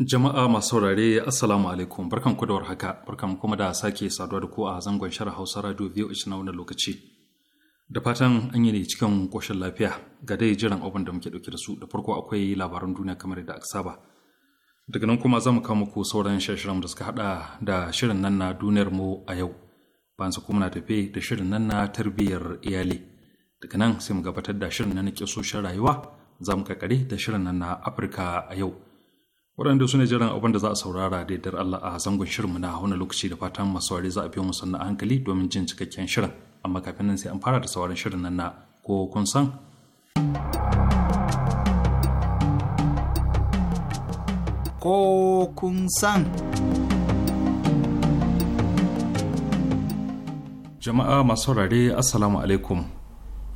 Jama'a masu saurare Assalamu alaikum barkan ku da warhaka barkan kuma da sake saduwa da ku a zangon shara Hausa Radio VOH na wannan lokaci. Da fatan an yi ne cikin koshin lafiya ga dai jiran abin da muke dauke da su da farko akwai labaran duniya kamar da aka saba. Daga nan kuma za mu kawo muku sauran shirin da suka hada da shirin nan na duniyar mu a yau. Bayan su kuma na tafe da shirin nan na tarbiyyar iyali. Daga nan sai mu gabatar da shirin nan na kisoshin rayuwa za mu kakare da shirin nan na Afirka a yau. waɗanda su ne jiran abin da za a saurara da yadda Allah a zangon shirinmu na wani lokaci da fatan masu ware za a biyo musan na hankali domin jin cikakken shirin amma kafin nan sai an fara da sauran shirin nan na ko kun san. Ko kun san. Jama'a masu saurare Assalamu alaikum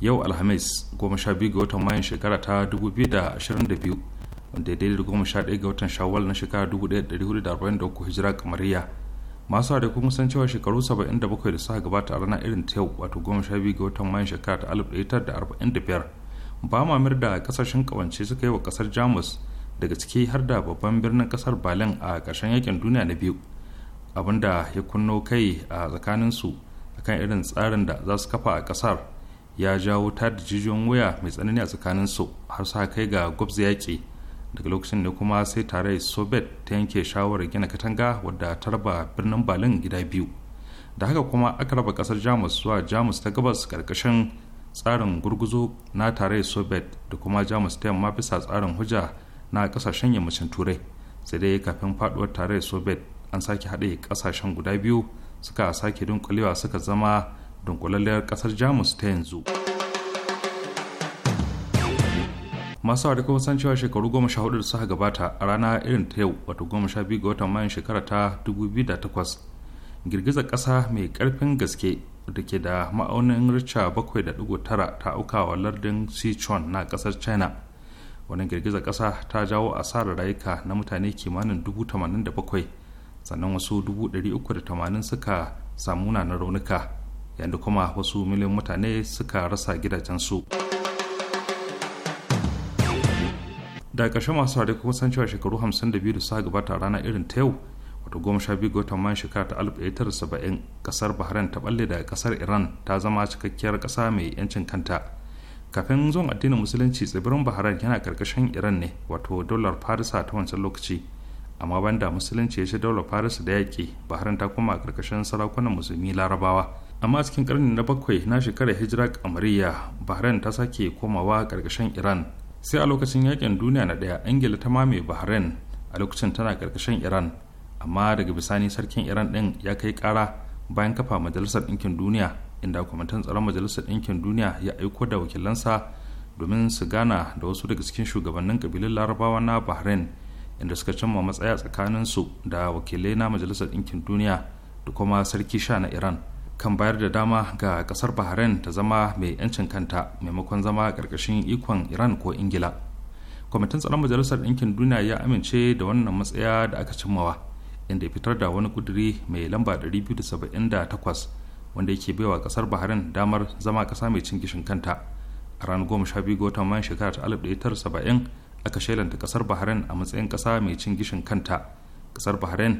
yau Alhamis goma sha biyu ga watan Mayun shekara ta 2022 wanda ya daidai da goma sha ɗaya ga watan shawwal na shekara dubu ɗaya da hudu da arba'in da uku hijira kamariya masu da kuma san cewa shekaru saba'in da bakwai da suka gabata a ranar irin ta yau wato goma sha biyu ga watan mayan shekara ta alif ɗaya tara da arba'in da biyar ba mir da kasashen kawance suka yi wa kasar jamus daga ciki har da babban birnin kasar berlin a ƙarshen yakin duniya na biyu abinda ya kunno kai a tsakanin su akan irin tsarin da za su kafa a kasar ya jawo tada jijiyoyin wuya mai tsanani a tsakanin su har sa kai ga gwabza yaƙi daga lokacin ne kuma sai tare sobet ta yanke shawarar gina katanga wadda ta raba birnin berlin gida biyu da haka kuma aka raba kasar jamus zuwa jamus ta gabas karkashin tsarin gurguzo na tare sobet da kuma jamus ta yamma bisa tsarin hujja na kasashen yammacin turai sai dai kafin faduwar tare sobet an sake haɗe kasashen guda biyu suka sake dunkulewa suka zama dunkulalliyar kasar jamus ta yanzu. masu wata kuma san cewa shekaru goma sha hudu da suka gabata a rana irin ta yau wato goma sha biyu ga watan mayan shekara ta dubu biyu da takwas girgizar ƙasa mai ƙarfin gaske da ke da ma'aunin richa bakwai da dugu tara ta auka wa lardin sichuan na ƙasar china wani girgizar ƙasa ta jawo asarar rayuka na mutane kimanin dubu tamanin da bakwai sannan wasu dubu ɗari uku da tamanin suka samu na raunuka yadda kuma wasu miliyan mutane suka rasa gidajensu. su da ƙarshe masu saurari kuma san cewa shekaru 52 da suka gabata rana irin ta yau wato goma sha biyu ga watan man shekara ta 1970 kasar bahrain ta balle daga kasar iran ta zama cikakkiyar ƙasa mai yancin kanta kafin zuwan addinin musulunci tsibirin bahrain yana karkashin iran ne wato dolar farisa ta wancan lokaci amma banda musulunci ya ci daular farisa da yaƙi bahrain ta koma karkashin sarakunan musulmi larabawa amma cikin karni na bakwai na shekarar hijira kamariya bahrain ta sake komawa karkashin iran sai a lokacin yakin duniya na daya ingila ta mame bahrain a lokacin tana karkashin iran amma daga bisani sarkin iran din ya kai kara bayan kafa majalisar ɗinkin duniya inda kwamitin tsaron majalisar ɗinkin duniya ya aiko da wakilansa domin su gana da wasu daga cikin shugabannin kabilun larabawa na bahrain inda suka cimma matsaya tsakaninsu da wakilai na majalisar ɗinkin duniya da kuma sarki sha na iran kan bayar da dama ga kasar bahrain ta zama mai 'yancin kanta maimakon zama karkashin ikon iran ko ingila kwamitin tsaron majalisar ɗinkin duniya ya amince da wannan matsaya da aka cimmawa inda ya fitar da wani kuduri mai lamba 278 wanda yake baiwa kasar bahrain damar zama ƙasa mai cin gishin kanta a ranar biyu ga mayan shekara ta 1970 aka shelanta kasar bahrain a matsayin ƙasa mai cin gishin kanta kasar bahrain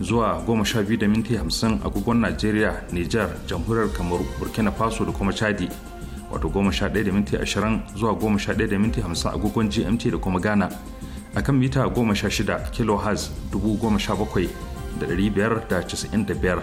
zuwa goma sha biyu da minti 50 agogon Najeriya, Nijar, Jamhuriyar Kamaru, Burkina Faso da kuma Chadi. Wato 11 da minti 20 zuwa 11 da minti 50 agogon GMT da kuma Ghana. A kan mita 16 da biyar.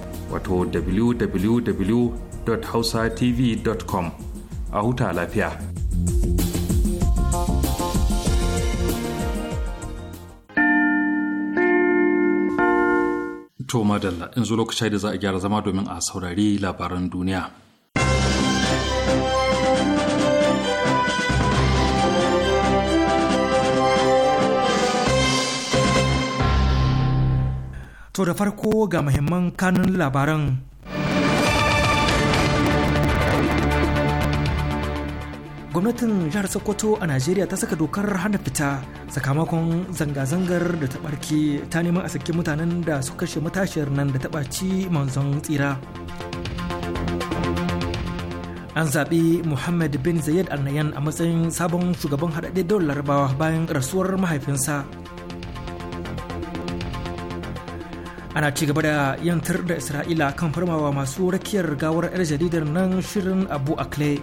wato www.hausatv.com a huta lafiya. To madalla in zo lokaci da za a gyara zama domin a saurari labaran duniya. To da farko ga muhimman kanun labaran. Gwamnatin jihar Sokoto a Najeriya ta saka dokar hana fita sakamakon zanga-zangar da ta barki ta neman a saki mutanen da suka kashe matashiyar nan da ta ɓaci manzon tsira. An zaɓi Muhammad bin Zayed Al-Nayyan a matsayin sabon shugaban haɗaɗɗen daular larabawa bayan rasuwar mahaifinsa. ana ci gaba da yantar da isra'ila kan farmawa masu rakiyar gawar 'yar jaridar nan shirin abu akle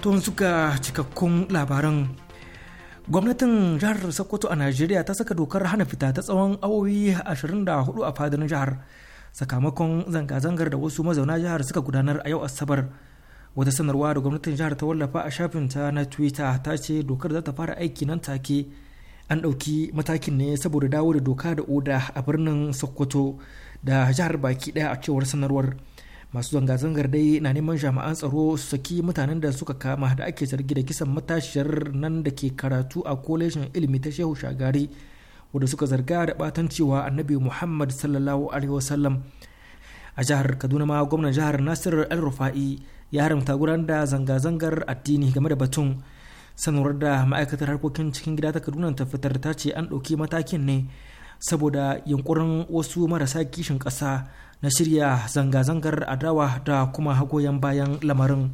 tun suka cikakkun labaran gwamnatin jihar sokoto a najeriya ta saka dokar hana fita ta tsawon awowi 24 a fadin jihar sakamakon zanga-zangar da wasu mazauna jihar suka gudanar a yau asabar wata sanarwa da gwamnatin jihar ta wallafa a shafinta na twitter ta ce dokar za ta fara aiki nan take an ɗauki matakin ne saboda dawo da doka da oda a birnin sokoto da jihar baki ɗaya a cewar sanarwar masu zanga-zangar dai na neman jami'an tsaro su saki mutanen da suka kama da ake zargi da kisan matashiyar nan da ke karatu a kolejin ilimi ta shehu shagari wadda suka zarga da batan cewa annabi muhammad sallallahu alaihi wasallam a jihar kaduna ma gwamnan jihar nasir el rufa'i ya haramta gudanar da zanga-zangar addini game da batun sanarwar da ma'aikatar harkokin cikin gida ta kaduna ta fitar ta ce an ɗauki matakin ne saboda yunkurin wasu marasa kishin ƙasa na shirya zanga-zangar adawa da kuma hagoyan bayan lamarin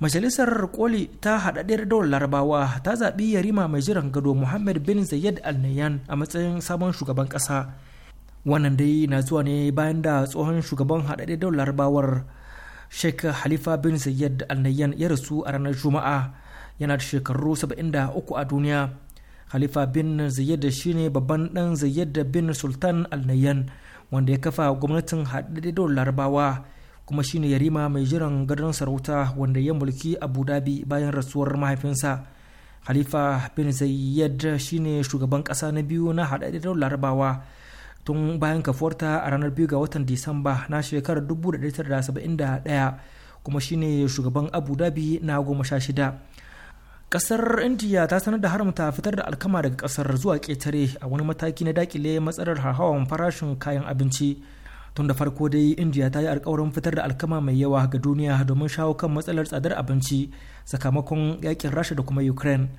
majalisar koli ta haɗaɗɗiyar daular larabawa ta zaɓi yarima mai jiran gado muhammad bin zayed al a matsayin sabon shugaban ƙasa wannan dai na zuwa ne bayan da tsohon shugaban haɗaɗɗiyar daular larabawar sheikh halifa bin zayyad al nayyan ya rasu a ranar juma'a yana da shekaru 73 a duniya halifa bin zayyad shine babban dan zayyad bin sultan al nayyan wanda ya kafa gwamnatin haɗaɗɗen larabawa kuma shine yarima mai jiran gadon sarauta wanda ya mulki abu dhabi bayan rasuwar mahaifinsa halifa bin zayyad shine shugaban ƙasa na biyu na haɗaɗɗen larabawa tun bayan kafuwarta a ranar 2 ga watan disamba na shekarar 1971 kuma shine shugaban abu dhabi na goma sha shida kasar india ta sanar da haramta fitar da alkama daga kasar zuwa ketare a wani mataki na dakile matsalar harhawan farashin kayan abinci tun da farko dai india ta yi alkawarin fitar da alkama mai yawa ga duniya domin shawo kan matsalar tsadar abinci sakamakon yakin rasha da kuma ukraine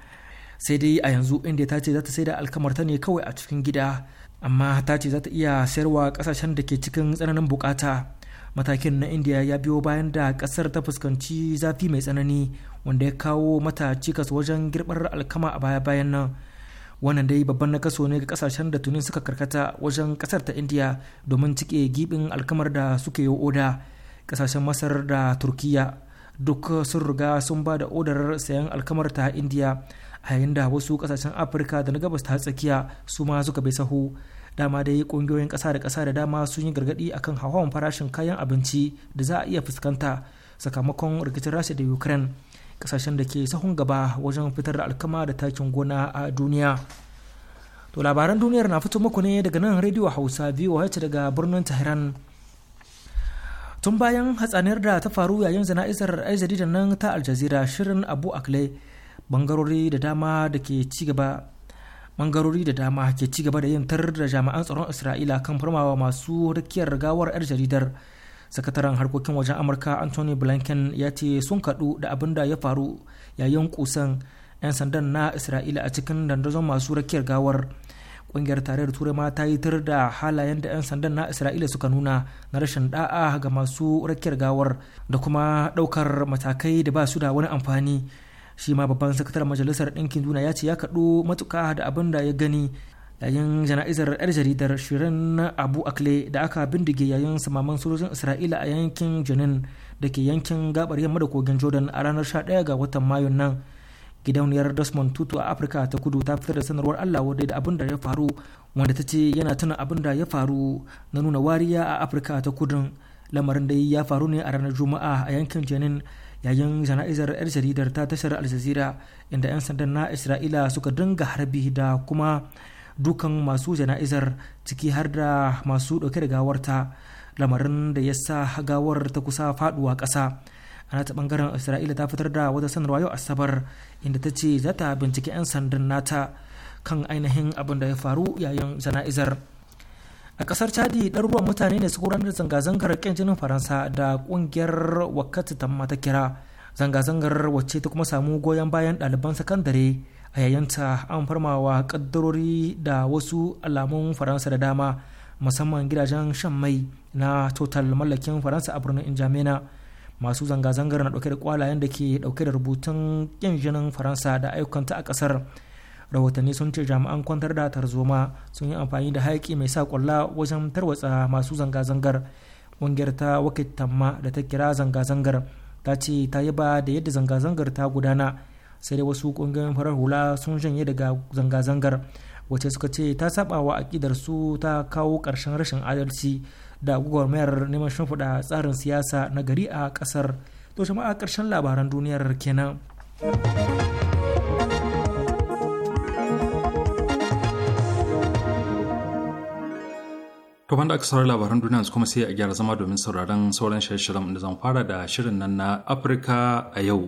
sai dai a yanzu india ta ce za ta sai da alkamar ne kawai a cikin gida amma ta ce za ta iya sayarwa kasashen da ke cikin tsananin bukata matakin na india ya biyo bayan da kasar ta fuskanci zafi mai tsanani wanda ya kawo mata cikas wajen girbar alkama a baya bayan nan wannan dai babban nakaso ne ga kasashen da tuni suka karkata wajen kasar ta india domin cike gibin alkamar da suke yi oda kasashen masar da turkiya duk sun riga sun ba da odar sayan alkamar ta india yayin da wasu kasashen afirka da na gabas ta tsakiya su ma suka bai sahu dama dai kungiyoyin ƙasa da kasa da dama sun yi gargaɗi akan hauhawan farashin kayan abinci da za a iya fuskanta sakamakon rikicin rasha da ukraine kasashen da ke sahun gaba wajen fitar da alkama da takin gona a duniya to labaran duniyar na fito muku ne daga nan rediyo hausa voh daga birnin tehran tun bayan hatsaniyar da ta faru yayin zana'izar aizadi da nan ta aljazira shirin abu akle bangarori da dama da ke ci gaba bangarori da dama ke ci da yin tar da jami'an tsaron isra'ila kan farmawa masu rakiyar gawar 'yar jaridar sakataren harkokin wajen amurka anthony blinken ya ce sun kaɗu da abin da ya faru yayin kusan 'yan sandan na isra'ila a cikin dandazon masu rakiyar gawar ƙungiyar tarayyar turai ma ta yi tar da halayen da 'yan sandan na isra'ila suka nuna na rashin da'a ga masu rakiyar gawar da kuma ɗaukar matakai da ba su da wani amfani shi ma babban sakataren majalisar ɗinkin duniya ya ce ya kaɗo matuka da abin da ya gani yayin jana'izar yar jaridar shirin abu akle da aka bindige yayin samaman sojojin isra'ila a yankin jenin da ke yankin gabar yamma da kogin jordan a ranar sha 11 ga watan mayun nan gidauniyar desmond tutu a afirka ta kudu ta fitar da sanarwar allah wadda da abin da ya faru wanda ta ce yana tuna abin da ya faru na nuna wariya a afirka ta kudun lamarin da ya faru ne a ranar juma'a a yankin janin yayin jana'izar 'yar jaridar ta tashar aljazira inda 'yan sandan na isra'ila suka dinga harbi da kuma dukan masu jana'izar ciki har da masu ɗauke da gawarta lamarin da ya sa gawar ta kusa faɗuwa ƙasa ana ta ɓangaren isra'ila ta fitar da wata sanarwa yau asabar inda ta ce za ta binciki 'yan sandan nata kan ainihin abin da ya faru yayin jana'izar a kasar chadi ɗaruruwan mutane ne su gudanar zanga-zangar ƙin jinin faransa da ƙungiyar wakati ta mata kira zanga-zangar wacce ta kuma samu goyon bayan ɗaliban sakandare a yayinta an farmawa ƙaddarori da wasu alamun faransa da dama musamman gidajen shan mai na total mallakin faransa a birnin injamena masu zanga-zangar na ɗauke da kwalayen da ke ɗauke da rubutun ƙin jinin faransa da ayyukanta a ƙasar rahotanni sun ce jami'an kwantar da tarzoma sun yi amfani da hayaki mai sa kwalla wajen tarwatsa masu zanga-zangar ƙungiyar ta wakil tamma da ta kira zanga-zangar ta ce ta yi ba da yadda zanga-zangar ta gudana sai dai wasu ƙungiyoyin farar hula sun janye daga zanga-zangar wacce suka ce ta saba wa aƙidar su ta kawo ƙarshen rashin adalci da mayar neman shimfiɗa tsarin siyasa na gari a ƙasar to jama'a ƙarshen labaran duniyar kenan. To banda aka saurari labaran duniya yanzu kuma sai a gyara zama domin sauraron sauran shirye-shiryen da zan fara da shirin nan na Afirka a yau.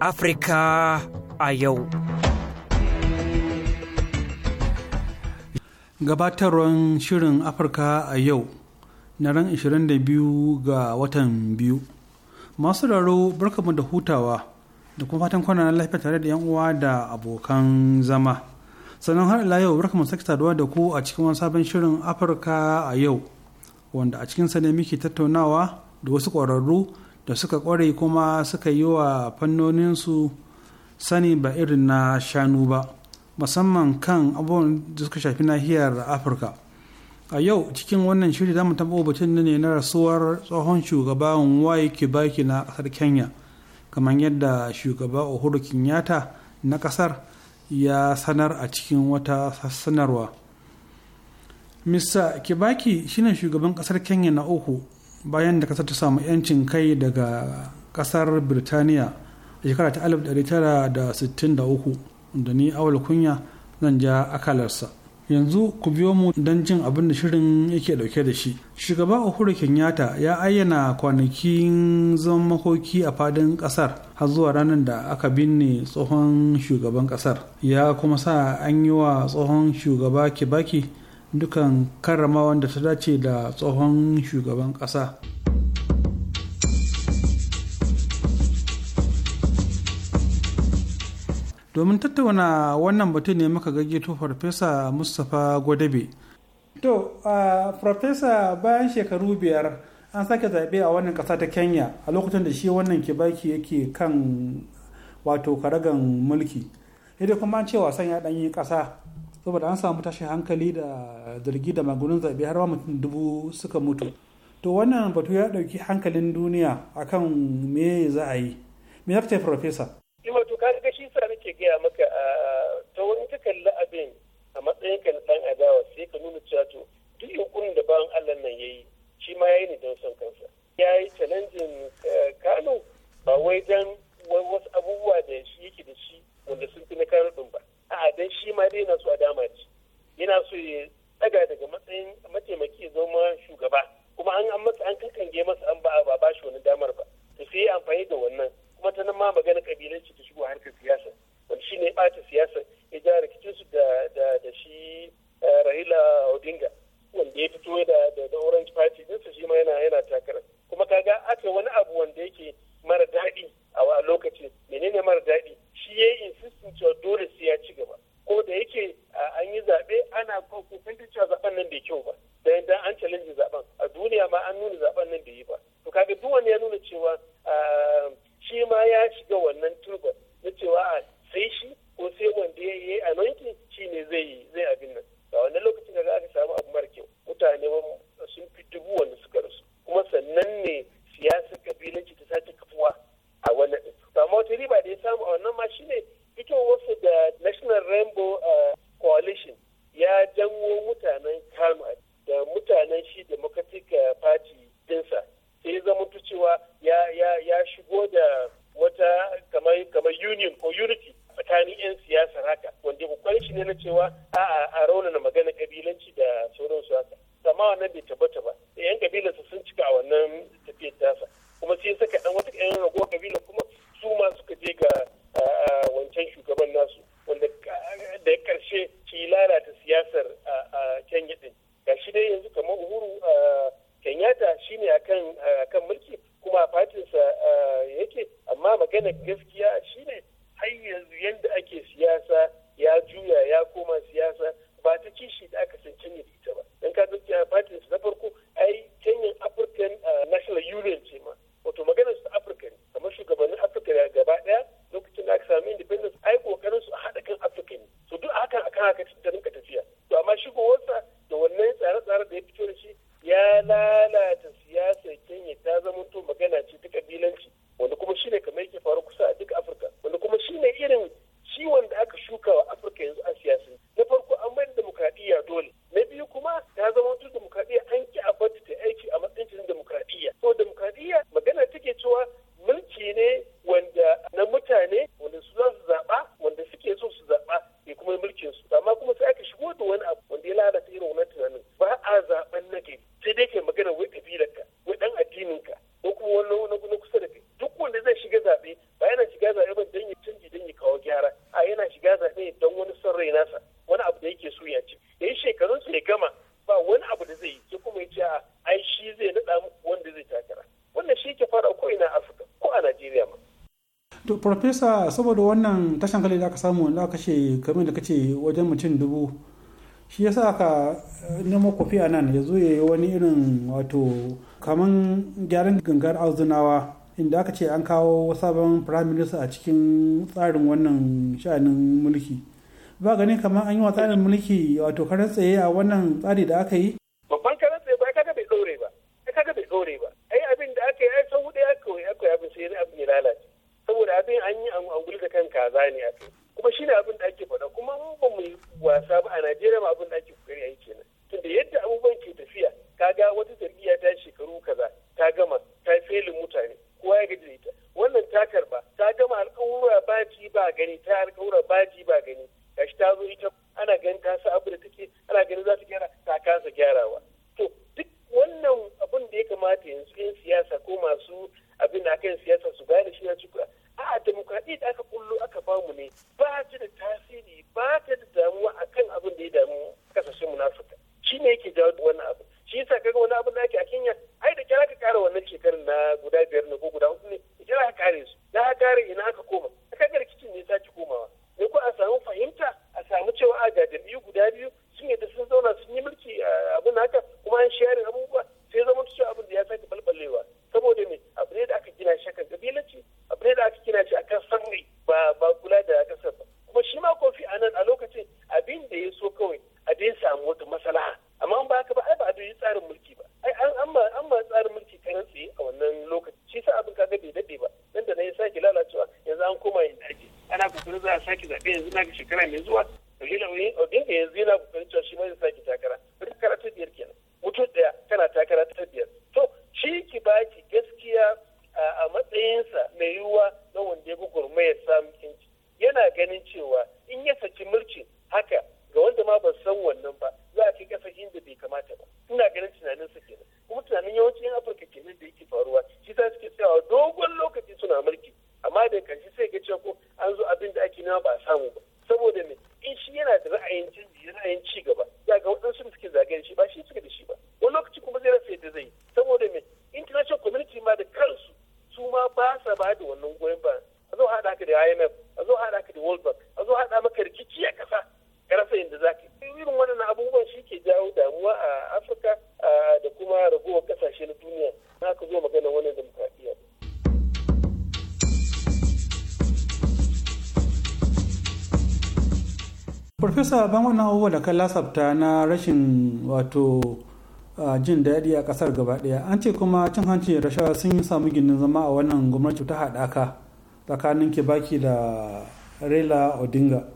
Afirka a yau. Gabatarwar shirin Afirka a yau na ran 22 ga watan biyu. Masu raro barkamu da hutawa. da kuma fatan kwana lafiya tare da yan uwa da abokan zama sannan har ila yau barkamu sake saduwa da ku a cikin wani sabon shirin afirka a yau wanda a sa ne muke tattaunawa da wasu ƙwararru da suka ƙware kuma suka yi wa fannonin su sani ba irin na shanu ba musamman kan abubuwan da suka shafi nahiyar afirka a yau cikin wannan shiri za mu taɓa ne na rasuwar tsohon shugaban waye kibaki na ƙasar kenya kamar yadda shugaba uhuru kenyatta na kasar ya sanar a cikin wata sanarwa mr kibaki shine shugaban kasar kenya na uku bayan da kasar ta samu 'yancin kai daga kasar birtaniya a shekara ta 1963 da ni awal kunya zan ja akalarsa yanzu ku biyo mu don jin abin da shirin yake dauke da shi shugaba uhuru kenyatta ya ayyana kwanakin zaman makoki a fadin kasar har zuwa ranar da aka binne tsohon shugaban kasar ya kuma sa an yi wa tsohon shugaba kibaki dukan karrama da ta dace da tsohon shugaban kasa domin tattauna wannan batu ne muka gaggeto farfesa mustapha gwadabe to farfesa bayan shekaru biyar an sake zaɓe a wannan ƙasa ta kenya a lokacin da shi wannan ke kibaki yake kan wato karagan mulki sai kuma an ce wasan ya ɗanyi ƙasa saboda an samu tashin hankali da zargi da magunin zaɓe har ma mutum dubu suka mutu to wannan batu ya ɗauki hankalin duniya akan me za a yi me ya ce farfesa wato ka ga shi sa nake gaya maka a ta wani ta kalli abin a matsayin ka dan adawa sai ka nuna cewa to duk yunkurin da bayan Allah nan yayi shi ma yayi ne don son kansa ya yi challenging Kano ba wai dan wasu abubuwa da shi yake da shi wanda sun fi na Kano din ba a'a dan shi ma dai yana so a dama ci yana so ya tsaga daga matsayin mataimaki ya zama shugaba kuma an an masa an kankange masa an ba ba shi wani damar ba to sai amfani da wannan kuma nan ma magana kabilanci ta shigo harkar siyasa wanda shi ne ɓata siyasa ya ja rikicin su da da shi eh, Rahila Odinga wanda ya fito da da Orange Party dinsa shi ma yana yana takara kuma kaga aka wani abu wanda yake mara daɗi a lokacin menene mara daɗi shi ya yi insistin cewa dole sai ya ci gaba ko da yake an yi zaɓe ana kokarin cewa zaɓen nan bai kyau ba da yadda an challenge zaɓen a duniya ma an nuna zaɓen nan bai yi ba to kaga duk wani ya nuna cewa ah, shi ma ya shiga wannan turba na cewa a sai shi ko sai wanda ya yi anointing shi ne zai yi zai abin nan a wannan lokacin da aka samu abu mara kyau mutane sun fi dubu wanda suka rasu kuma sannan ne siyasar kabilanci ta sake kafuwa a wannan to amma wata riba da ya samu a wannan ma shine fitowarsa da national rainbow eh, coalition ya janwo mutanen kano farfesa saboda wannan tashin hankali da aka samu wanda aka ce kamar da kace wajen mutum dubu shi yasa aka eh, nemo kofi a nan ya zo ya yi wani irin wato kamar gyaran gangar arzunawa inda aka ce an kawo sabon prime minister a cikin tsarin wannan sha'anin mulki ba gani kamar an yi wa tsarin mulki wato karan tsaye a wannan tsari da aka yi babban karan tsaye ba kaga bai dore ba kaga bai dore ba ai abin da aka yi ai sau hudu ya koyi abin sai abin abin an yi anguli da kan kaza ne a kuma shi ne abin da ake faɗa kuma mun ba mu wasa ba a najeriya ba abin da ake kokari a yi kenan tunda yadda abubuwan ke tafiya kaga wata jam'iyya ta shekaru kaza ta gama ta felin mutane kowa ya gaji ita wannan ta karba ta gama alƙawura baji ba gani ta alƙawura baji ba gani gashi ta zo ita ana ganin ta sa abu da take ana ganin za ta gyara ta kasa gyarawa to duk wannan abin da ya kamata yanzu yan siyasa ko masu abin da akan siyasa su da shi na cikin a demokradi da aka kullo aka bamu ne ba ta da tasiri ba ta da damuwa akan abin da ya damu kasashen munafuka shi ne yake jawo wannan abu shi yasa kaga wani abin da ake a Kenya ai da kyar ka kare wannan shekarun na guda biyar ne ko guda hudu ne idan ka kare su da ka kare ina aka koma aka ga rikicin ne sake komawa ne ko a samu fahimta a samu cewa a ga jam'iyyu guda biyu sun yadda sun zauna sun yi mulki abin haka kuma an share abubuwa sai zama cewa abin da ya sake balbalewa saboda me abu ne da aka gina shi akan kabilanci abu ne da aka gina shi akan sanri ba ba kula da kasar ba kuma shi ma kofi a nan a lokacin abin da ya so kawai a dai samu wata maslaha amma ba haka ba ai ba a yi tsarin mulki ba ai an ma an ma tsarin mulki karan tsaye a wannan lokaci shi sa abin kaga bai dade ba nan da na ya sake lalacewa yanzu an koma yin daji ana kokarin za a sake zabe yanzu na ga shekara mai zuwa Rahila Odinga yanzu yana kokarin cewa shi ma zai sake takara. Bari karatu biyar kenan. sabon wannan abubuwa da ka lasafta na rashin wato jin daɗi a ƙasar gaba ɗaya an ce kuma cin hanci da rashawa sun yi samu ginin zama a wannan gwamnati ta haɗaka tsakanin kibaki da raila odinga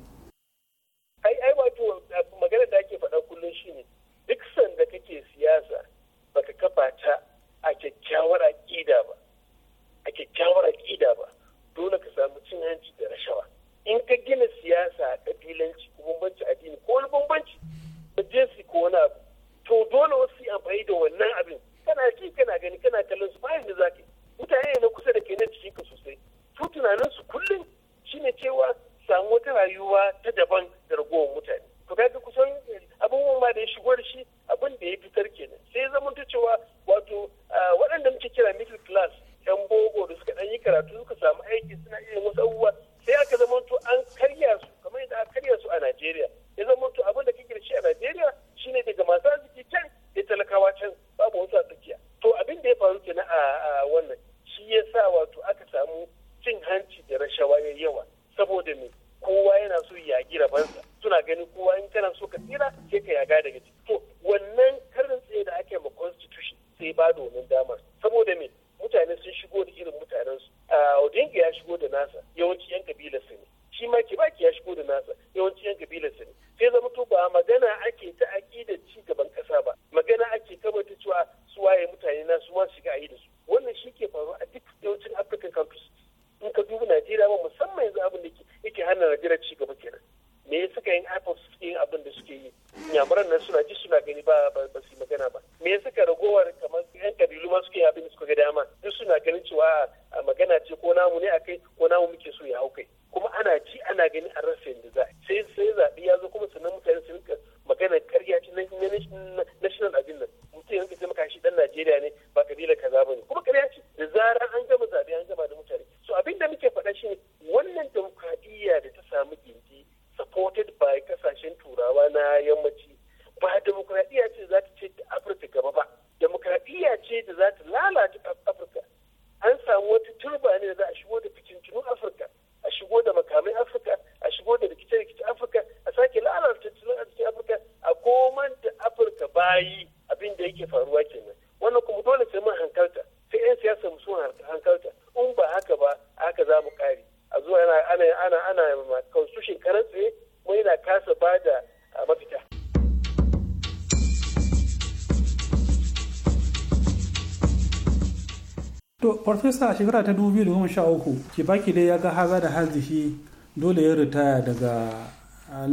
to farfesa a shekara ta 2013 kibaki dai ya ga haza da hazihi dole ya ritaya daga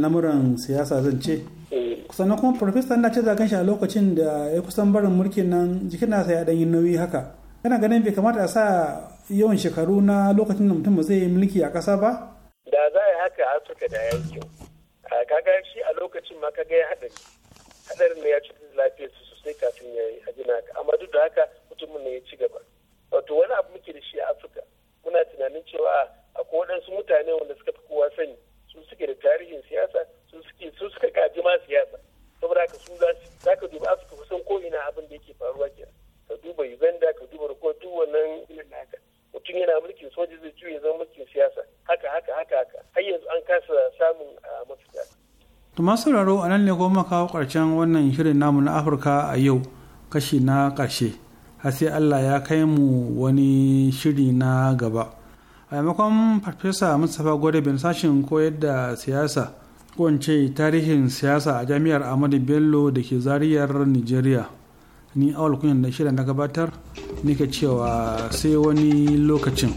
lamuran siyasa zan ce eh. sannan kuma farfesa na ce zagan shi a lokacin da ya kusan barin mulkin nan jikin nasa ya ɗanyi nauyi haka yana ganin bai kamata a sa yawan shekaru na lokacin da mutum zai yi mulki a ƙasa ba da za a yi haka afirka da ya yi kaga shi a lokacin ma kaga ya haɗari haɗarin da ya ci lafiyar su sosai kafin ya yi a gina haka amma duk da haka mutumin ne ya ci gaba wato wani abu muke da shi a afirka muna tunanin cewa akwai waɗansu mutane wanda suka fi kowa sani su suke da tarihin siyasa su suke su suka kaji ma siyasa saboda haka su za za ka duba afirka kusan ko ina abin da yake faruwa ke ka duba uganda ka duba ko duk wannan irin haka mutum yana mulkin soja zai juya zama mulkin siyasa haka haka haka haka har yanzu an kasa samun mafita Tuma sauraro a nan ne goma kawo ƙarshen wannan shirin namu na Afirka a yau kashi na karshe. har sai allah ya kai mu wani shiri na gaba a maimakon farfesa mustapha gwada bin sashin koyar da siyasa kowace tarihin siyasa a jami'ar ahmadu bello da ke zariyar nigeria ni awal kunyan da shirin na gabatar nika cewa sai wani lokacin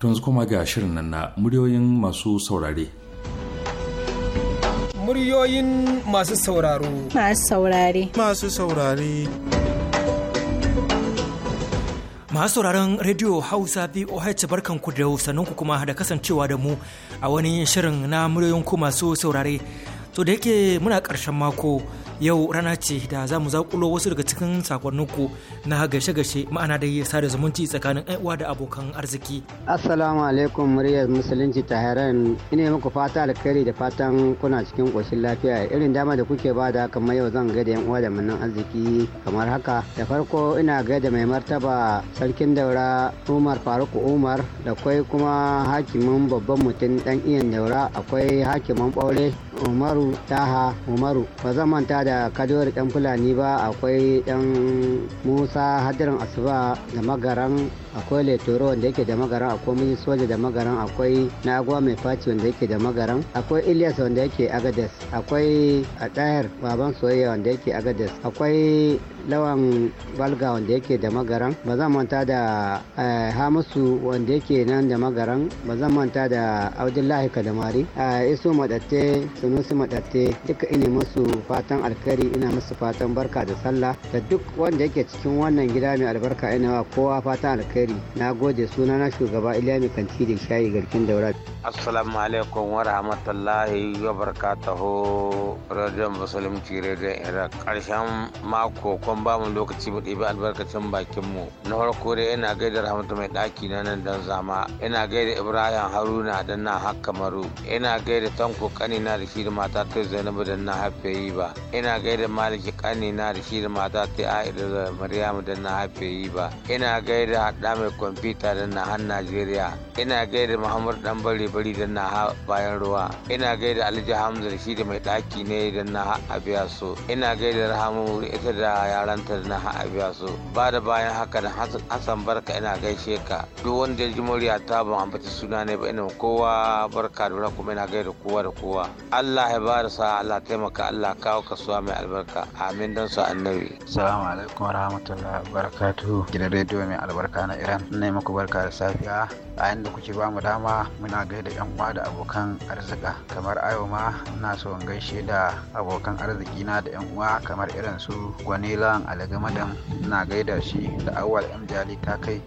Tunzu kuma ga shirin nan na muryoyin masu saurare muryoyin masu sauraro. Masu saurare. Masu saurare. Masu sauraron Radio Hausa VOH barkanku da sannunku kuma da kasancewa da mu a wani shirin na muryoyin ku masu saurare. To da yake muna ƙarshen mako yau rana ce da za mu zakulo wasu daga cikin sakonninku na gashe-gashe ma'ana da yi sada zumunci tsakanin uwa da abokan arziki. Assalamu alaikum muryar musulunci tahiran ina muku fata alkhairi da fatan kuna cikin koshin lafiya irin dama da kuke ba da kamar yau zan gaida yan uwa da manan arziki kamar haka da farko ina gaida mai martaba sarkin daura Umar Faruk Umar da kwai kuma hakimin babban mutum dan iyan daura akwai hakimin ɓaure Umaru Taha Umaru ba zan manta da da kaduwar yan fulani ba akwai yan musa hadirin asuba da magaran akwai letoro wanda yake da magaran akwai miji soja da magaran akwai nagwa mai faci wanda yake da magaran akwai ilias wanda yake agades akwai adayar baban soyayya wanda yake agades akwai lawan balga wanda yake da magaran ba zan manta da eh, hamusu wanda yake nan da magaran ba zan manta da abdullahi kadamari eh, iso madatte sunusi madatte duka ina musu fatan alkhairi ina musu fatan barka da sallah da duk wanda yake cikin wannan gida mai albarka ina kowa fatan alkhairi alkhairi na gode sunana shugaba iliya mai kanti da shayi garkin daura assalamu alaikum wa rahmatullahi wa barakatuhu radiyon musulunci da iraq karshen mako kun ba mu lokaci mu ba albarkacin bakin mu na farko dai ina gaida rahmatu mai ɗaki na nan dan zama ina gaida ibrahim haruna dan na haka maru ina gaida tanko kanina da shi da mata ta zainabu dan na haife yi ba ina gaida maliki kanina da shi da mata ta aida da maryamu dan na haife yi ba ina gaida haɗa mai kwamfuta da na han Najeriya. Ina gaida Muhammad Dan Bari Bari da na ha bayan ruwa. Ina gaida Alhaji Hamza shi da mai ɗaki ne da na ha Abiyaso. Ina gaida Rahamu ita da yaranta da na ha Abiyaso. Ba da bayan haka da Hassan Barka ina gaishe ka. Duk wanda ya ji murya ta ban ambaci suna ne ba ina kowa barka da kuma ina gaida kowa da kowa. Allah ya ba da sa Allah taimaka Allah kawo kasuwa mai albarka. Amin dan su annabi. Salamu alaikum wa barakatuhu. Gidan rediyo mai albarka na iran ne muku barka da safiya a yanda kuke ba mu dama muna gaida yan uwa da abokan arzika kamar ayo ma ina so in gaishe da abokan arziki na da yan uwa kamar irin su gwanilan alagamadan ina gaida shi da awal m jali ta kai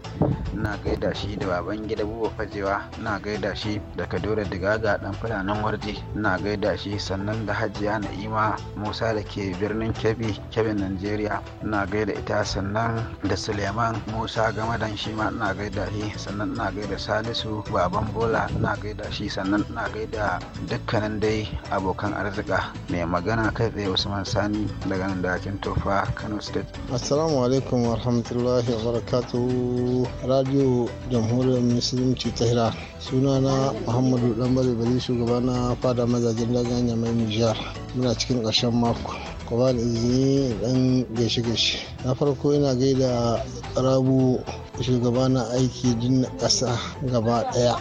ina gaida shi da baban gida buba fajewa ina gaida shi da kadura digaga dan fulanin warji ina gaida shi sannan da hajiya na'ima musa da ke birnin kebbi kebbi nigeria ina gaida ita sannan da suleiman musa gamadan shi ma ina gaida shi sannan ina gaida salisu baban bola ina gaida shi sannan ina gaida dukkanin dai abokan arzika mai magana kai tsaye usman sani daga nan dakin tofa kano state assalamu alaikum wa rahmatullahi wa radio jamhuriyar musulunci ta hira suna na muhammadu dan bari shugaba na fada mazajen daga mai nijar muna cikin ƙarshen mako ku da izini dan gaishe gaishe na farko ina gaida rabu shugaba na aiki din ƙasa gaba ɗaya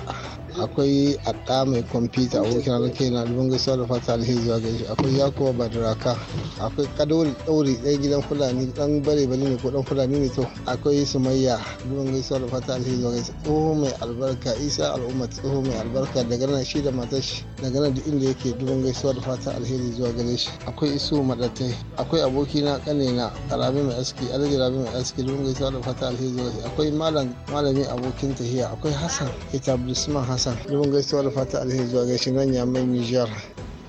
akwai adda mai kwamfuta abokin harkar na dubin gaisuwa da fata alheri zuwa gare shi akwai yakuba badraka akwai kadori dauri ɗaya gidan fulani dan bare bari ne ko dan fulani ne to akwai sumayya dubin gaisuwa da fata alheri zuwa gare shi tsoho mai albarka isa al'umma tsoho mai albarka daga nan shi da matar shi daga nan duk inda yake dubin gaisuwa da fata alheri zuwa gare shi akwai isu madatai akwai abokina na rabi mai aski alhaji rabi mai aski dubin gaisuwa da fata alheri zuwa gare shi akwai malam malami abokin tahiya akwai hassan ita bisman hassan hassan dubin gaisuwa da fata Alhaji zuwa gaishe nan ya mai nijar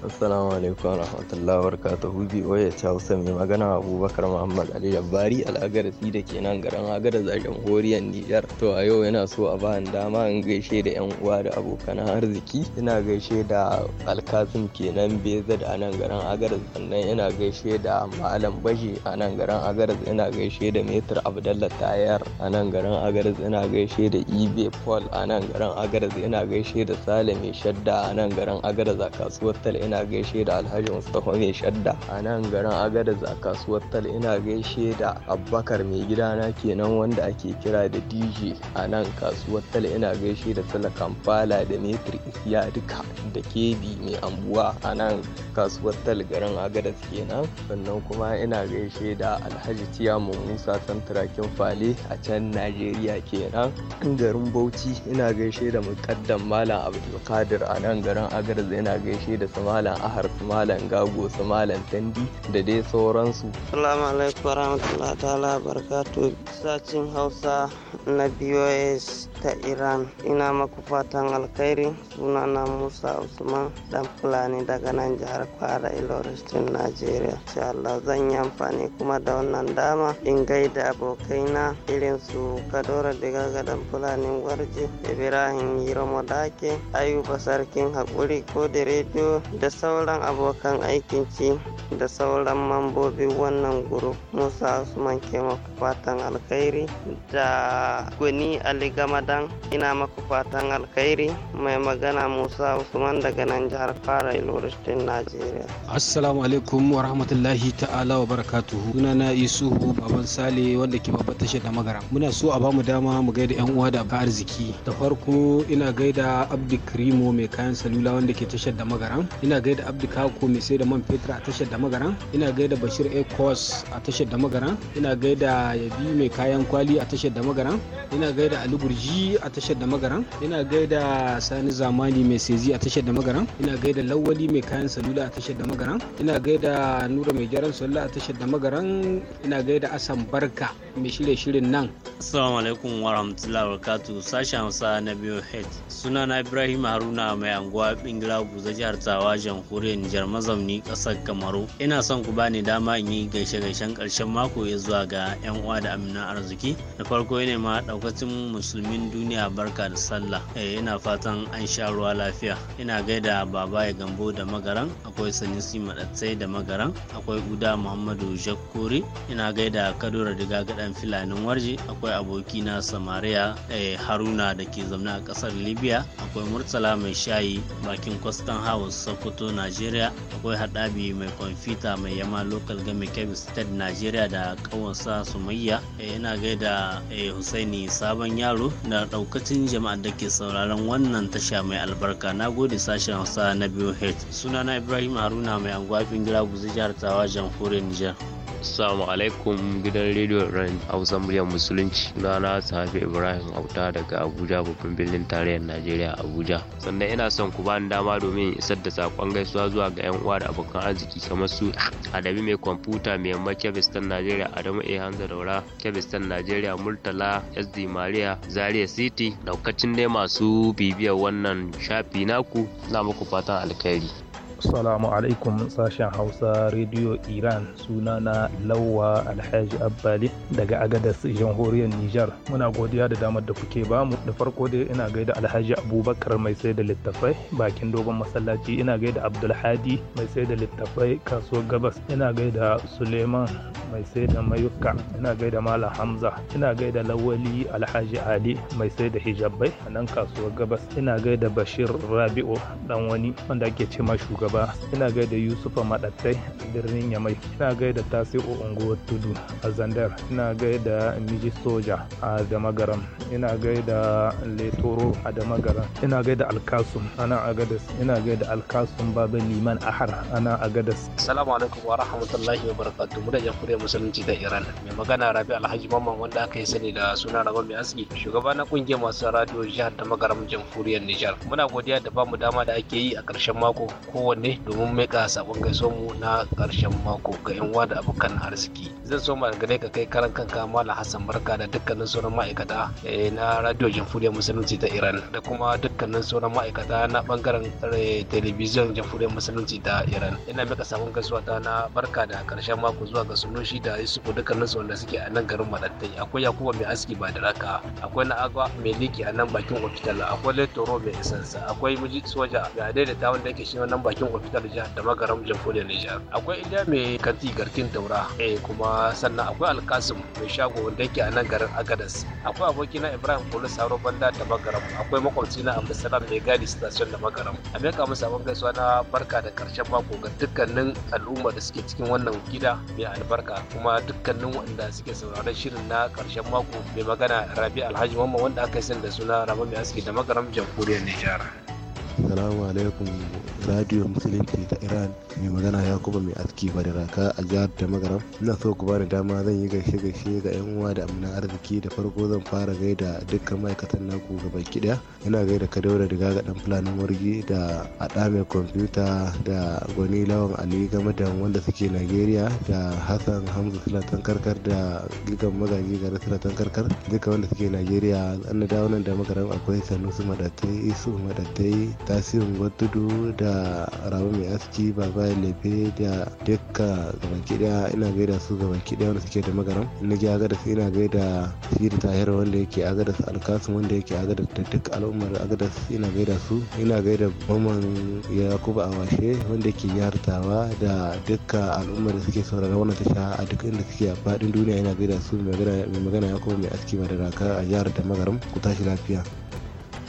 Assalamu alaikum wa rahmatullahi wa barakatuhu BOA ta Hausa mai magana Abubakar Muhammad Ali al'agar al'agarasi da ke nan garin da a jamhuriyar Nijar. To a yau yana so a bani dama in gaishe da yan uwa da abokan arziki. Ina gaishe da Alkasim kenan Beza da nan garin Agada sannan ina gaishe da Malam Bashi a nan garin Agada ina gaishe da Metir Abdallah Tayar a nan garin Agada ina gaishe da Ibe Paul a nan garin Agada ina gaishe da Sale Shadda a nan garin Agada a kasuwar Tal ina gaishe da alhaji mustapha mai shadda a nan garin agada a kasuwar tal ina gaishe da abbakar mai gidana kenan wanda ake kira da dj a nan kasuwar tal ina gaishe da sala kampala da metri isiya duka da kebi mai ambuwa a nan kasuwar tal garin agada kenan sannan kuma ina gaishe da alhaji tiyamu musa turakin fale a can najeriya kenan garin bauchi ina gaishe da mukaddam malam abdulkadir a nan garin agadez ina gaishe da samala malam ahar su malam gago su malam tandi da dai sauransu salamu alaikum warahmatullahi ta'ala barkatu sacin hausa na bos ta iran ina maku fatan alkhairi sunana musa usman dan fulani daga nan jihar kwara iloristin najeriya insha allah zan yi amfani kuma da wannan dama in gaida abokaina irin su kadora daga gadan fulani warje ibrahim yiramo ayuba sarkin Hakuri ko da rediyo da sauran abokan aikin ci da sauran mambobin wannan guru musa usman ke maku fatan alkhairi da gwani ali gamadan ina maku fatan alkhairi mai magana musa usman daga nan jihar fara state najeriya assalamu alaikum wa rahmatullahi ta'ala wa barakatuhu suna na isuhu baban sale wanda ke babbar tashar da magara muna so a bamu dama mu gaida yan uwa da abokan arziki da farko ina gaida abdi krimo mai kayan salula wanda ke tashar da magara ina gaida abdu mai sai da man fetur a tashar da magaran ina gaida bashir a kos a tashar da magaran ina gaida yabi mai kayan kwali a tashar da magaran ina gaida ali a tashar da magaran ina gaida sani zamani mai sezi a tashar da magaran ina gaida lawali mai kayan salula a tashar da magaran ina gaida nura mai gyaran salula a tashar da magaran ina gaida asan barka mai shirye shirin nan assalamu alaikum wa rahmatullahi wa barakatuh sashen sa na biyo head sunana ibrahim haruna mai anguwa bingila buza jihar tawa jamhuriyar Nijar mazauni kasar Kamaru. Ina son ku bani dama in yi gaishe-gaishen ƙarshen mako ya zuwa ga 'yan uwa da amina arziki. Da farko ne ma ɗaukacin musulmin duniya barka da sallah. Eh, ina fatan an sha ruwa lafiya. Ina gaida baba ya gambo da magaran, akwai sanisi maɗatsai da magaran, akwai uda Muhammadu Jakkori, ina gaida Kadura Diga gaɗan filanin warji, akwai abokina Samariya eh, Haruna da ke zaune a ƙasar Libya, akwai Murtala mai shayi bakin kwastan House Sokoto. sokoto najeriya akwai haɗabi mai kwamfuta mai yama local game kebbi ta najeriya da kawansa sumayya yana eh, gaida eh, husaini sabon yaro da ɗaukacin jama'ar da ke sauraron wannan tasha mai albarka na gode sashen hausa na biyu sunana ibrahim haruna mai angwafin gira guzi jihar tawa jamhuriyar nijar Assalamu alaikum gidan rediyon Rain Hausa muryar Musulunci. Sunana Sahabi Ibrahim Auta daga Abuja babban birnin tarayyar Najeriya Abuja. Sannan ina son ku bani dama domin isar da sako sakon gaisuwa zuwa ga yan uwa da abokan arziki kamar su adabi mai kwamfuta mai yamma kebistan najeriya adamu a hanza daura kebistan najeriya murtala sd maria zaria city daukacin dai masu bibiyar wannan shafi naku na muku fatan alkhairi Assalamu alaikum sashen Hausa Radio Iran sunana Lawa Alhaji Abbali daga Agadas jamhuriyar Nijar. Muna godiya da damar da kuke bamu da farko dai ina gaida Alhaji Abubakar mai sai da littafai bakin dogon masallaci ina gaida Abdulhadi mai sai da littafai kaso gabas ina gaida Suleiman mai sai da mayuka ina gaida mala Hamza ina gaida Lawali Alhaji Ali mai sai da hijabai a nan kasuwar gabas ina gaida Bashir Rabi'u dan wani wanda ake ce ma shugaba gaba ina gaida yusufa madattai a birnin yamai ina gaida tasiru unguwar tudu a zandar ina gaida miji soja a damagaram ina gaida letoro a damagaram ina gaida alkasum ana agadas ina gaida alkasum baba liman ahar ana agadas assalamu alaikum wa rahmatullahi wa barakatuh mu da jamhuriyar musulunci ta iran mai magana rabi alhaji mamman wanda aka yi sani da suna raba mai aski shugaba na kungiyar masu radio jihar damagaram jamhuriyar nijar muna godiya da bamu dama da ake yi a ƙarshen mako kowane kowanne domin maika sakon gaisuwar mu na karshen mako ga yan uwa da abokan arziki zan so ma gare ka kai karan kanka mallam hassan barka da dukkanin sauran ma'aikata eh, na radio jamhuriyar musulunci ta iran da kuma dukkanin sauran ma'aikata na bangaren eh, telebijin jamhuriyar musulunci ta iran ina mika sakon gaisuwa ta na barka da karshen mako zuwa ga sunushi da yusufu dukkanin su wanda suke a nan garin madattai akwai yakuba mai aski ba da raka akwai na agwa mai liki a nan bakin ofital akwai letoro mai isansa akwai miji soja ga da tawon yake shi nan bakin cikin ofital jihar da magaram jamhuriyar nijar akwai inda mai katsi garkin daura eh kuma sannan akwai alkasim mai shago wanda yake a nan garin agadas akwai abokina ibrahim kolo saro banda da magaram akwai makwabci na abdulsalam mai gadi station da magaram a meka musu abin gaisuwa na barka da karshen mako ga dukkanin al'umma da suke cikin wannan gida mai albarka kuma dukkanin waɗanda suke sauraron shirin na karshen mako mai magana rabi alhaji mamman wanda aka yi da suna rama mai aski da magaram jamhuriyar nijar Salamu alaikum Radio Musulunci ta Iran mai magana ya kuma mai aski ba da raka a jihar ta magaram. Ina so ku bani dama zan yi gaishe gaishe ga yan uwa da amina arziki da farko zan fara gaida dukkan ma'aikatan naku gaba ɗaya. Ina gaida Kadawar da ga dan fulanin wargi da ɗa mai kwamfuta da gwani lawan Ali da wanda suke nigeria da Hassan Hamza Sulatan Karkar da gigan Magaji gari Sulatan Karkar duka wanda suke Najeriya. An da wannan da magaram akwai Sanusi Madatai, Isu Madatai, tasirin gwatudu da rabu mai aski ya lefe da dukka gabaki daya ina da su gaban daya wanda suke da magaram na ji agadas ina da sidi tahir wanda yake agadas alkasim wanda yake agadas da duk al'ummar agadas ina da su ina da maman yakubu awashe wanda yake yartawa da dukka al'ummar da suke saurara wannan tasha a duk inda suke a faɗin duniya ina da su mai magana yakubu mai aski ba da raka a jihar da magaram ku tashi lafiya.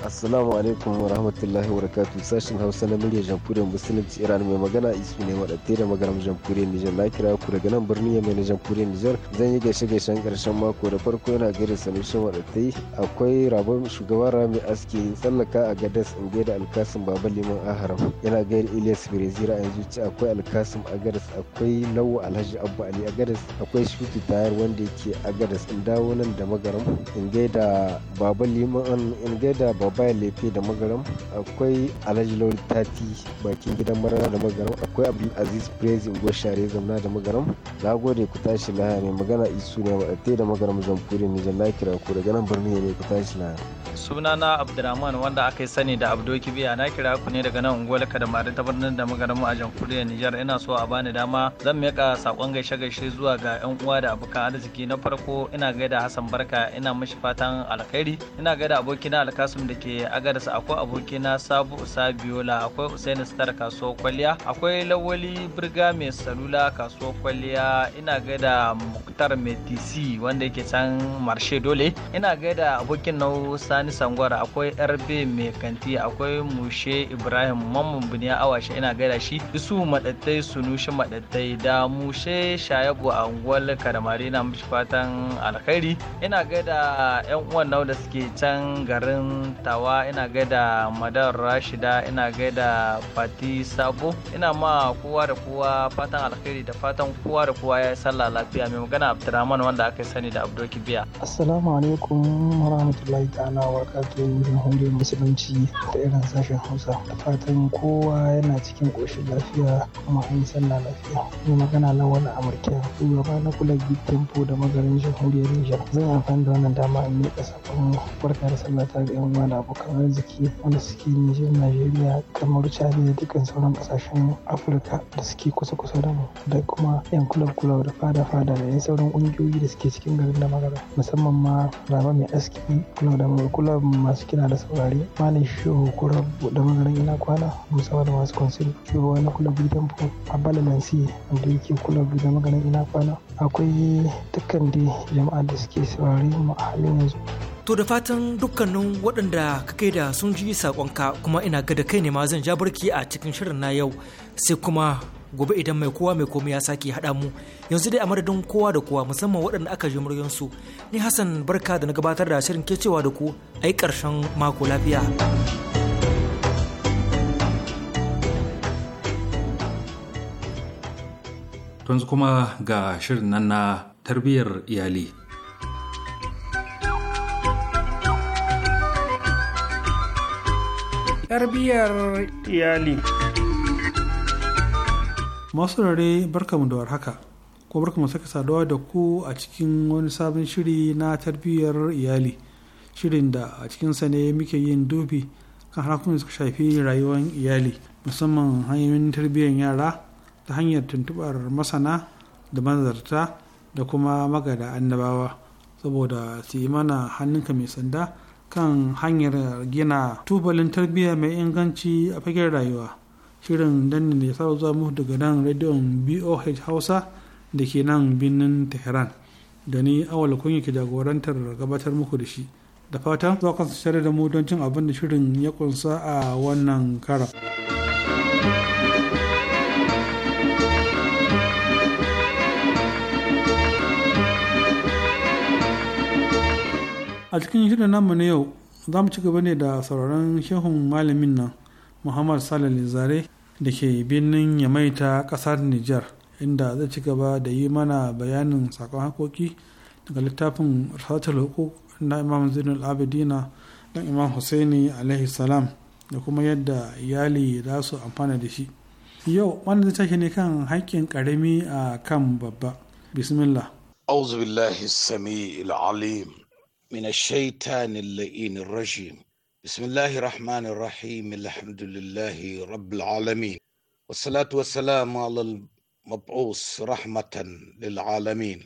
Assalamu alaikum wa rahmatullahi wa barakatuh sashen Hausa na muryar Jamhuriyar Musulunci Iran mai magana isu ne wadatai da magana Jamhuriyar Nijar na kira ku daga nan birnin mai na Jamhuriyar Nijar zan yi gaishe gaishen karshen mako da farko yana gaida sanushin wadatai akwai rabon shugaban Rami Aski tsallaka a Gadas Inge da Alkasim Baba Liman Aharam yana gaida Ilyas a yanzu ce akwai Alkasim a Gadas akwai Lawa Alhaji Abba Ali a Gadas akwai Shuti Tayar wanda yake a Gadas in dawo nan da magaram in gaida Baba Liman in gaida Baba bayan lefe da magaram akwai alhaji lauri tati bakin gidan marana da magaram akwai abu aziz prezi share zamna da magaram na gode ku tashi laya mai magana isu ne maɗate da magaram zamfuri nijar na kira ku daga nan birni ne ku tashi laya. sunana abdulrahman wanda aka yi sani da abdoki biya na kira ku ne daga nan unguwar kadamari ta birnin da magaram a jamhuriyar nijar ina so a bani dama zan miƙa saƙon gaishe gaishe zuwa ga yan uwa da abokan arziki na farko ina gaida hassan barka ina mashi fatan alkhairi ina gaida abokina alkasum da ke agadas akwai abokina sabu sabiola akwai usaini star kasuwar kwalliya akwai lawali birga mai salula kasuwar kwalliya ina gaida muktar metisi wanda yake can marshe dole ina gaida abokin nau sani sangwara akwai rb mai kanti akwai mushe ibrahim mamman biniya awashe ina gaida shi isu madattai sunushi madattai da mushe shayabu a unguwar karamari na mashi fatan alkhairi ina gaida yan uwan nau da suke can garin ta Jarawa ina gaida Madar Rashida ina gaida Fati Sabo ina ma kowa da kowa fatan alkhairi da fatan kowa da kowa ya sallah lafiya mai magana Abdurrahman wanda aka sani da Abdul Kibiya. Assalamu alaikum warahmatullahi ta'ala wa barakatuhu hundun musulunci da irin sashen Hausa da fatan kowa yana cikin koshin lafiya kuma an yi sallah lafiya. Mai magana lawan Amurka ba na kula tempo da magarin jamhuriyar Nijar zan amfani da wannan dama in miƙa sakon barkar sallah ta ga 'yan da abokan arziki wanda suke Nijar, Najeriya, kamar Mauritania da dukkan sauran kasashen Afirka da suke kusa-kusa da mu da kuma 'yan kulab-kulab da fada-fada da 'yan sauran ƙungiyoyi da suke cikin garin da magana musamman ma raba mai aski kulab da kulab masu kina da saurari malam shehu kurab da magaran ina kwana musamman masu konsil shugaba na kulab gidan po a balalansi wanda yake kulab da magaran ina kwana akwai dukkan dai jama'a da suke saurari mu a halin yanzu. To da fatan dukkanin waɗanda kake da sun ji saƙonka kuma ina ga da kai ne ma zan ja barki a cikin shirin na yau sai kuma gobe idan mai kowa mai komai ya sake haɗa mu yanzu dai a madadin kowa da kowa musamman waɗanda aka ji muryansu ni Hassan barka da na gabatar da shirin ke cewa da ku a yi ƙarshen mako lafiya. yanzu kuma ga shirin nan na tarbiyyar iyali. tarbiyyar iyali masu rare barkamu da warhaka ko barkamu saka saduwa da ku a cikin wani sabon shiri na tarbiyyar iyali shirin da a cikin sa ne muke yin dubi kan harkokin suka shafi rayuwar iyali musamman hanyoyin tarbiyyar yara ta hanyar tuntubar masana da manzarta da kuma magada annabawa saboda su yi mana hannunka mai sanda kan hanyar gina tubalin tarbiyya mai inganci a fagen rayuwa shirin danne da ya saba zuwa muku daga nan rediyon boh hausa da ke nan birnin tehran da ni awal kun yake jagorantar gabatar muku da shi da fatan za ku da mu don cin abin da shirin ya kunsa a wannan karan. a cikin shirin namu na yau za mu ci gaba ne da sauraron shehun malamin nan muhammad salih zare da ke birnin Yamaita ƙasar kasar niger inda zai ci gaba da yi mana bayanin sakon hakoki daga littafin rasatul hukuk na imam zainul abidina dan imam husaini alaihi salam da kuma yadda iyali za su amfana da shi yau wanda zai tashi ne kan haƙƙin ƙarami a kan babba bismillah auzubillahi billahi sami العليم من الشيطان اللئين الرجيم بسم الله الرحمن الرحيم الحمد لله رب العالمين والصلاة والسلام على المبعوث رحمة للعالمين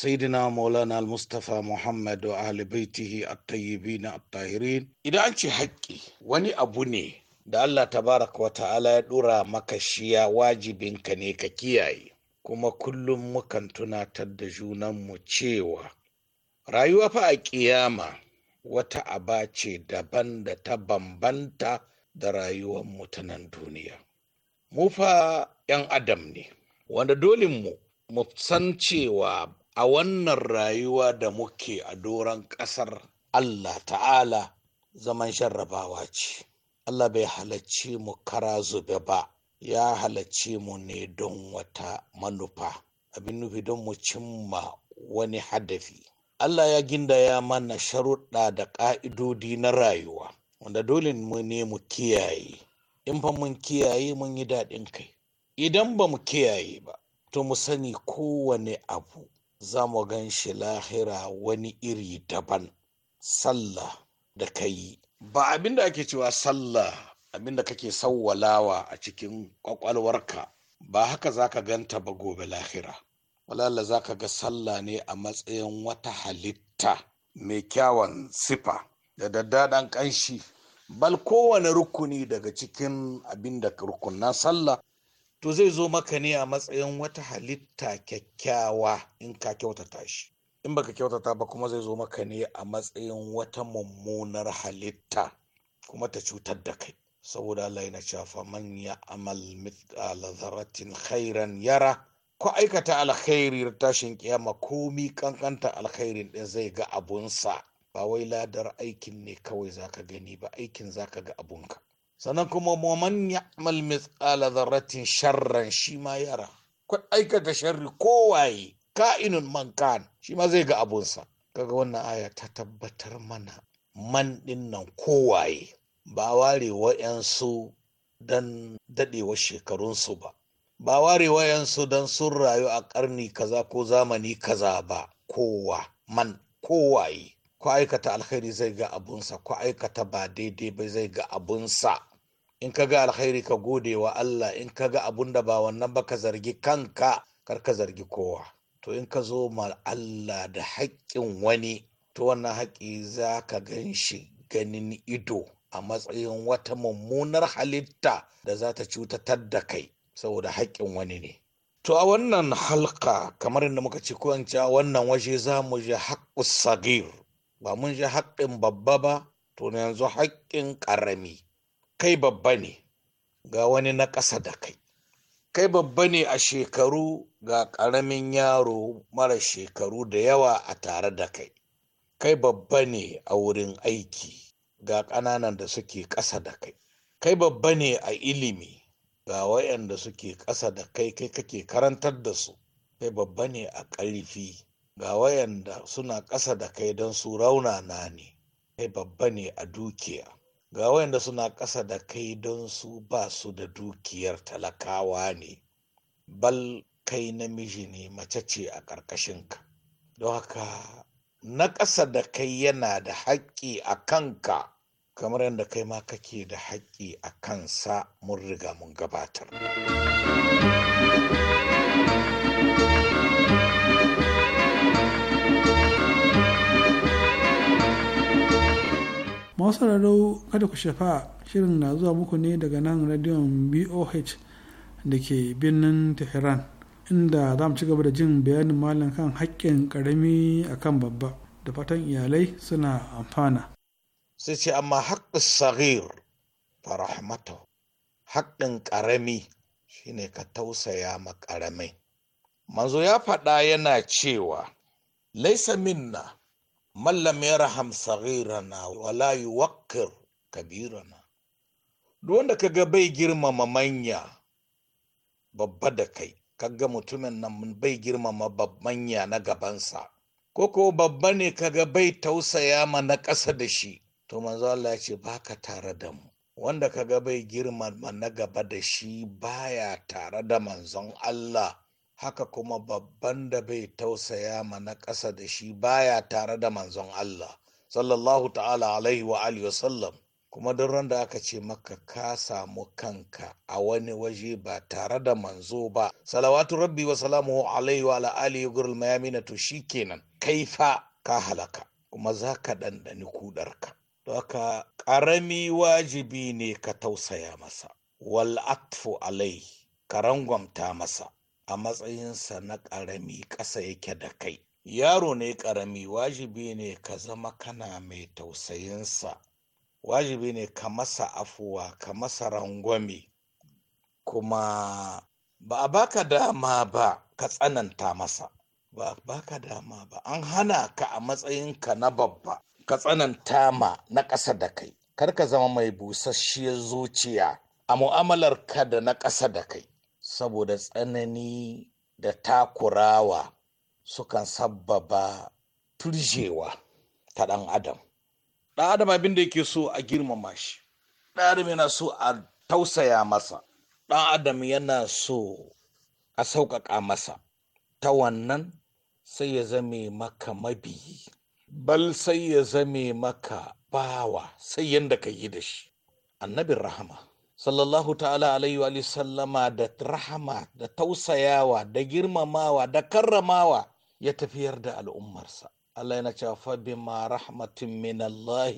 سيدنا مولانا المصطفى محمد وأهل بيته الطيبين الطاهرين إذا أنت حقي وني أبوني da Allah tabaraka wa ta'ala ya ɗora maka shiya wajibinka ne ka kiyaye kuma kullum mukan tunatar da junanmu cewa rayuwa fa a ƙiyama wata aba ce daban da ta bambanta da rayuwar mutanen duniya mu fa 'yan adam ne wanda dole mu mu san cewa a wannan rayuwa da muke a doron ƙasar Allah ta'ala zaman sharrabawa ce Allah bai halarci mu kara zube ba ya halarci mu ne don wata manufa abin nufi don mu cimma wani hadafi Allah ya gindaya mana sharuɗa da ƙa'idodi na rayuwa wanda dole mu ne mu kiyaye in fa mun kiyaye mun yi daɗin kai idan ba mu kiyaye ba to mu sani kowane abu za mu gan shi lahira wani iri daban sallah da ka yi ba abin da ake cewa sallah abin da kake sawwalawa a cikin ƙwaƙwalwarka ba haka za ka ganta ba gobe lahira walala za ka ga sallah ne a matsayin wata halitta mai kyawan sifa da daddaɗen ƙanshi bal kowane rukuni daga cikin abin da rukunan sallah to zai zo maka ne a matsayin wata halitta kyakkyawa in ka kyautata shi in baka kyautata ba kuma zai zo maka ne a matsayin wata mummunar halitta kuma ta cutar da kai saboda Allah yana cewa man ya amal mithqala dharratin khairan yara ku aikata alkhairi da tashin kiyama komi kankanta alkhairin din zai ga abunsa ba wai ladar aikin ne kawai zaka gani ba aikin zaka ga abunka sannan kuma man ya'mal mithqala dharratin sharran shi ma yara ku aikata sharri kowaye ka'inun man kan shi ma zai ga abunsa kaga wannan aya ta tabbatar mana man din nan kowaye ba ware wa'yansu dan dadewa shekarunsu ba ba ware wayansu don sun rayu a ƙarni kaza ko zamani kaza ba kowa man kowaye ko aikata alkhairi zai ga abunsa ko aikata ba daidai ba zai ga abunsa in ka ga alkhairi ka gode wa Allah in ka ga abun da ba wannan ba ka zargi kanka kar ka zargi kowa to in ka zo ma Allah da haƙƙin wani to wannan haƙƙi za ka gan shi ganin ido a matsayin wata mummunar halitta da za ta cutatar da kai saboda haƙƙin wani ne to a wannan halka kamar yadda muka ci kowanci a wannan waje za mu ji haƙƙus sagir ba mun ji haƙƙin babba ba to yanzu haƙƙin ƙarami kai babba ne ga wani na ƙasa da kai kai babba ne a shekaru ga ƙaramin yaro mara shekaru da yawa a tare da kai kai babba ne a wurin aiki ga ƙananan da suke ƙasa da kai kai babba ne a ilimi ga wayanda suke ƙasa da kai kai kake karantar da su kai babba ne a ƙarfi ga wayanda suna ƙasa da kai don su na ne kai babba ne a dukiya ga wayanda suna ƙasa da kai don su ba su da dukiyar talakawa ne bal kai namiji ne mace ce a ƙarƙashinka don haka na ƙasa da kai yana da haƙƙi a kanka kamar yadda kai ma kake da haƙƙi a kansa mun riga mun gabatar. masu raro kada ku shafa shirin na zuwa muku ne daga nan radiyon boh da ke birnin tehran inda za mu ci gaba da jin bayanin malam kan haƙƙin ƙarami akan babba da fatan iyalai suna amfana sai ce amma haƙƙin sagir farahmata haƙƙin ƙarami shine ka tausaya ma ƙaramai manzo ya faɗa yana cewa laisa minna mallam ya raham sagirana wala yuwakkir kabirana duk wanda ka ga bai girmama manya babba da kai kaga mutumin nan bai girmama manya na gabansa ko ko babba ne kaga bai tausaya ma na ƙasa da shi to manzo Allah ya ce baka tare da mu wanda kaga bai girma na gaba da shi baya tare da manzon Allah haka kuma babban da bai tausaya ma na ƙasa da shi baya tare da manzon Allah sallallahu ta'ala alaihi wa alihi wasallam kuma duk randa aka ce maka ka samu kanka a wani waje ba tare da manzo ba salawatu rabbi wa salamu alaihi wa alihi gurul mayamina to shikenan kaifa ka halaka kuma za ka ɗanɗani kudarka Daka ƙarami wajibi ne ka tausaya masa, wal'atfu alai, ka rangwamta masa a matsayinsa na ƙarami ƙasa yake da kai. Yaro ne ƙarami wajibi ne ka zama kana mai tausayinsa, wajibi ne ka masa afuwa, ka masa rangwame, kuma ba a baka dama ba ka tsananta masa. ba baka dama ba an hana ka a matsayinka na babba ka tsananta ma na ƙasa da kai kar ka zama mai busasshiyar zuciya a mu'amalar ka da na ƙasa da kai saboda tsanani da takurawa sukan sababa turjewa ta ɗan adam ɗan adam abin da yake so a girmama shi ɗan adam yana so a tausaya masa ɗan adam yana so a sauƙaƙa masa ta wannan sai ya zame maka mabiyi bal sai ya zame maka bawa sai yadda ka yi da shi annabin rahama sallallahu ta'ala alaihi wa sallama da rahama da tausayawa da girmamawa da karramawa ya tafiyar da al'ummarsa Allah yana cewa fa bima rahmatin min Allah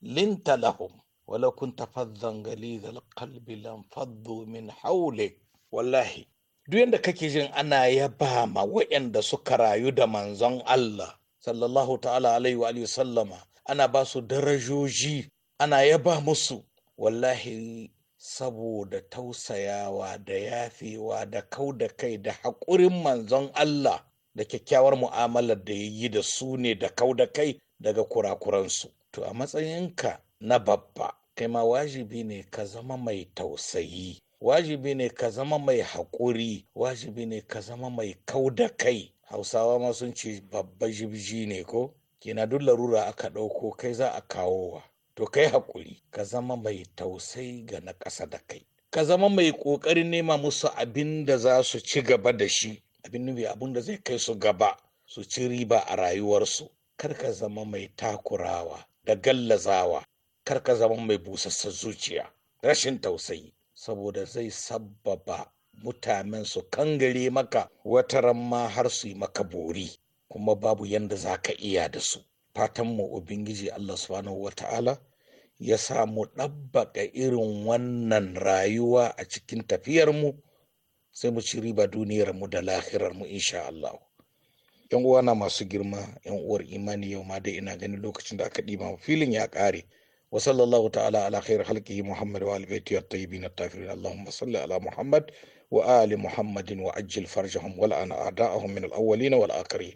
linta lahum walau kunta faddan ghalizal qalbi lam faddu min hawlik wallahi duk yadda kake jin ana yaba ma waɗanda suka rayu da manzon Allah sallallahu ta'ala alaihi wa sallama ana ba su darajoji ana yaba musu wallahi saboda tausayawa da yafewa da kau da kai da haƙurin manzon Allah da kyakkyawar mu'amalar da ya yi da su ne da kau da kai daga kurakuransu. To a matsayinka na babba, kai ma wajibi ne ka zama mai tausayi, wajibi ne ka zama mai haƙuri, wajibi ne ka zama mai kau da kai, hausawa ma sun ce babba jibji ne ko kina duk larura aka ɗauko kai za a kawo wa to kai haƙuri ka zama mai tausai ga na ƙasa da kai ka zama mai ƙoƙarin nema musu abin da za su ci gaba da shi abin nufi abin da zai kai su gaba su ci riba a rayuwarsu kar ka zama mai takurawa da gallazawa kar ka zama mai busassar zuciya rashin tausayi saboda zai sabbaba mutanen su kangare maka wataran ma har su yi maka bori kuma babu yanda za ka iya da su fatan mu ubangiji Allah subhanahu wata'ala ya samu ɗabbaka irin wannan rayuwa a cikin tafiyar mu sai mu ci riba duniyar mu da lahirar mu insha Allah yan uwana masu girma yan uwar imani yau ma dai ina ganin lokacin da aka ɗiba filin ya ƙare وصلى الله تعالى على خير خلقه محمد وآل بيته الطيبين الطاهرين اللهم صل على محمد وآل محمد وعجل فرجهم والآن أعداءهم من الأولين والآخرين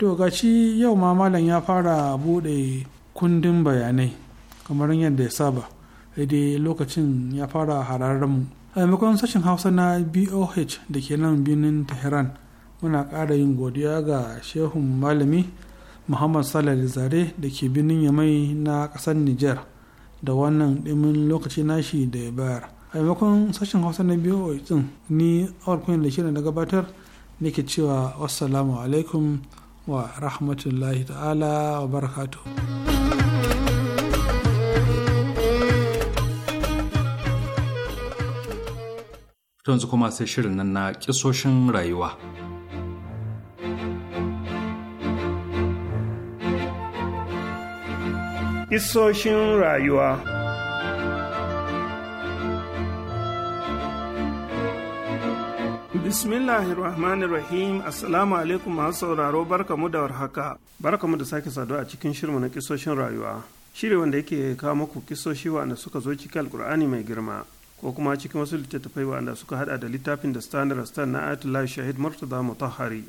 Dogaci yau ma malam ya fara buɗe kundin bayanai kamar yadda ya saba, dai lokacin ya fara hararren mu. a maimakon sashen hausa na boh da ke nan birnin tehran muna ƙara yin godiya ga shehun malami muhammad salal zare da ke birnin yamai na ƙasar niger da wannan ɗimin lokaci nashi da ya bayar a maimakon sashen hausa na boh din ni awar da shirin na gabatar nake cewa wassalamu alaikum wa rahmatullahi ta'ala wa barakatuh To yanzu kuma sai shirin nan na kisoshin rayuwa. Kisoshin rayuwa Rahim Assalamu alaikum masu sauraro barkamu da warhaka barkamu da sake saduwa a cikin shirmu na kisoshin rayuwa shiri wanda yake kawo muku kisoshi wanda suka zo cikin alkur'ani mai girma ko kuma cikin wasu littattafai waɗanda suka hada da littafin da standard stan na atullah shahid murtaza mutahari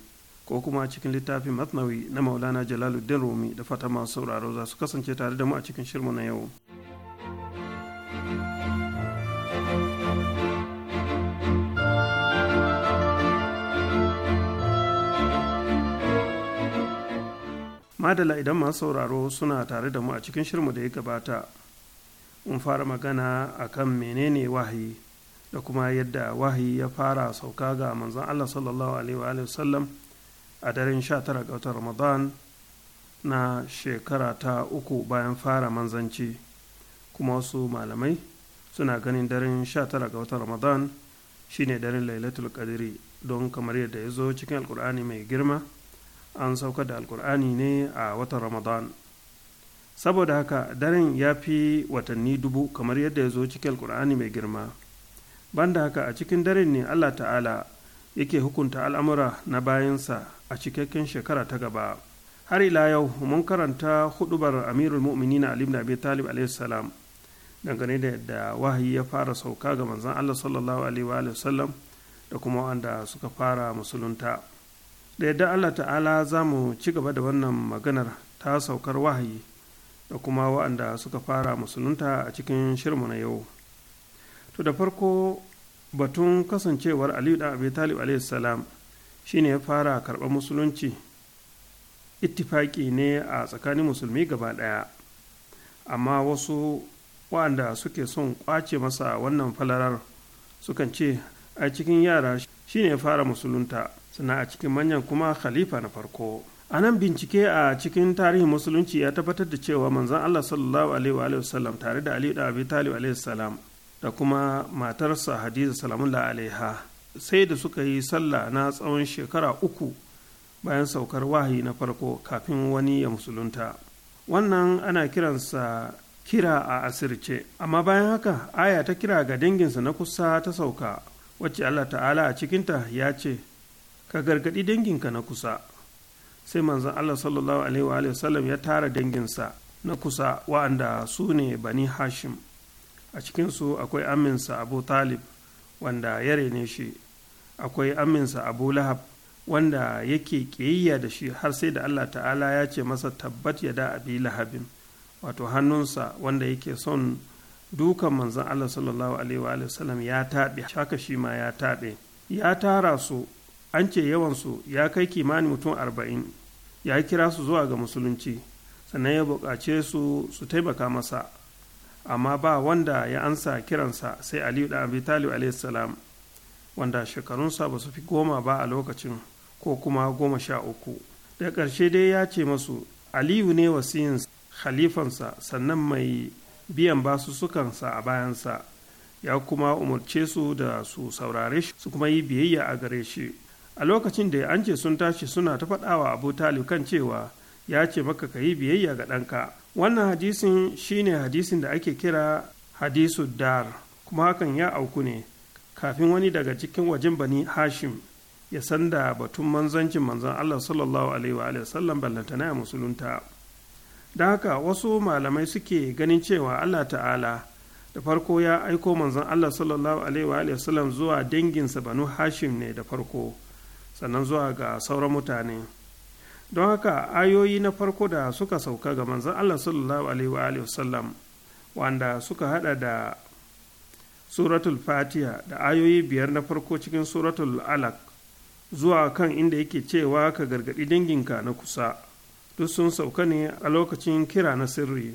ko kuma cikin littafin matnawi na maulana jalaluddin rumi da fata masu sauraro za su kasance tare da mu a cikin shirmu na yau madala idan masu sauraro suna tare da mu a cikin shirmu da ya gabata mun fara magana a kan menene wahayi da kuma yadda wahayi ya fara sauka ga manzon Allah sallallahu alaihi wasallam a daren 19 ga watan Ramadan na shekara ta uku bayan fara manzanci kuma wasu malamai suna ganin daren 19 ga watan Ramadan shine daren Lailatul Qadri don kamar yadda ya zo cikin Alkur'ani mai girma an sauka da Alkur'ani ne a watan Ramadan saboda haka daren ya fi watanni dubu kamar yadda ya zo cikin alkur'ani mai girma banda haka a cikin daren ne allah ta'ala yake hukunta al'amura na bayansa a cikakken shekara ta gaba har ila yau mun karanta hudubar amirul mu'minin ali ibn abi talib alaihi dangane da yadda wahayi ya fara sauka ga manzon allah sallallahu alaihi wa da kuma wanda suka fara musulunta da yadda allah ta'ala za mu ci gaba da wannan maganar ta saukar wahayi da kuma waɗanda suka fara musulunta a cikin shirmu na yau to da farko batun kasancewar aliyu da abi talib salam shine ya fara karɓar musulunci ittifaki ne a tsakanin musulmi gaba ɗaya amma wasu waɗanda suke son ƙwace masa wannan falarar sukan ce a cikin yara shine ya fara musulunta sannan a cikin manyan kuma khalifa na farko a nan bincike a cikin tarihin musulunci ya tabbatar da cewa manzon allah sallallahu alaihi wasallam tare da Ali da abi talib alaihi salam da kuma matarsa hadiza salamullah alaiha sai da suka yi sallah na tsawon shekara uku bayan saukar wahayi na farko kafin wani ya musulunta wannan ana kiransa kira a asirce amma bayan haka aya ta kira ga danginsa na kusa ta sauka wacce allah ta'ala a cikinta ya ce ka gargaɗi danginka na kusa sai manzon Allah sallallahu alaihi wa wasallam ya tara danginsa na kusa wa'anda su ne bani hashim a cikinsu akwai aminsa abu talib wanda ya rene shi akwai aminsa abu lahab wanda yake ƙiyayya da shi har sai da allah ta'ala ya ce masa tabbat ya da abi lahabin wato hannunsa wanda yake son dukan manzon allah sallallahu alaihi wa sallam ya taɓe shaka shi ma ya taɓe ya tara su an ce yawansu ya kai kimanin mutum arba'in ya kira su zuwa ga musulunci sannan ya buƙace su su taimaka masa amma ba wanda ya ansa kiransa sai aliyu da abi talib salam wanda shekarunsa ba su fi goma ba a lokacin ko kuma goma sha uku da ƙarshe dai ya ce masu aliyu ne wasiyin khalifansa sannan mai biyan basu sukansa a bayansa ya kuma umarce su da su saurare shi su kuma yi biyayya a gare shi a lokacin da an ce sun tashi suna ta faɗawa abu talib kan cewa ya ce maka ka yi biyayya ga ɗanka wannan hadisin shine hadisin da ake kira hadisu dar kuma hakan ya auku ne kafin wani daga cikin wajen bani hashim ya san da batun manzancin manzan allah sallallahu alaihi wa sallam ballanta na musulunta da haka wasu malamai suke ganin cewa allah ta'ala da farko ya aiko manzan allah sallallahu alaihi wa sallam zuwa danginsa banu hashim ne da farko sannan zuwa ga sauran mutane don haka ayoyi na farko da suka sauka ga manzan Allah sallallahu alaihi wa wasallam wanda suka hada da suratul fatiha da ayoyi biyar na farko cikin suratul alaq zuwa kan inda yake cewa ka gargaɗi danginka na kusa duk sun sauka ne a lokacin kira na sirri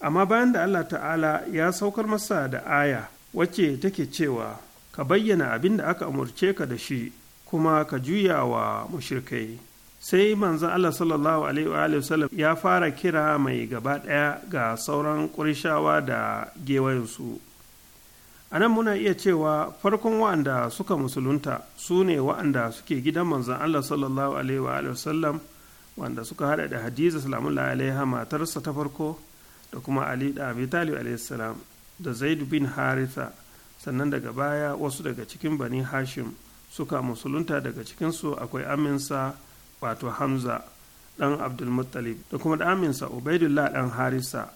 amma bayan da allah ta'ala ya saukar masa da aya wacce take cewa ka bayyana abin da aka amurce ka da shi kuma ka juya wa mushrikai sai manzan Allah sallallahu alaihi wasallam ya fara kira mai gaba ɗaya ga sauran ƙurishawa da gewayensu a nan muna iya cewa farkon wa'anda suka musulunta su ne wa'anda suke gidan manzan Allah sallallahu alaihi sallam, wanda suka haɗa da hadiza salamun alaiha matarsa ta farko da kuma ali da abi talib da zaid bin haritha sannan daga baya wasu daga cikin bani hashim suka musulunta daga cikinsu akwai aminsa wato hamza ɗan abdulmuttalib da kuma da aminsa ubaidullah ɗan harisa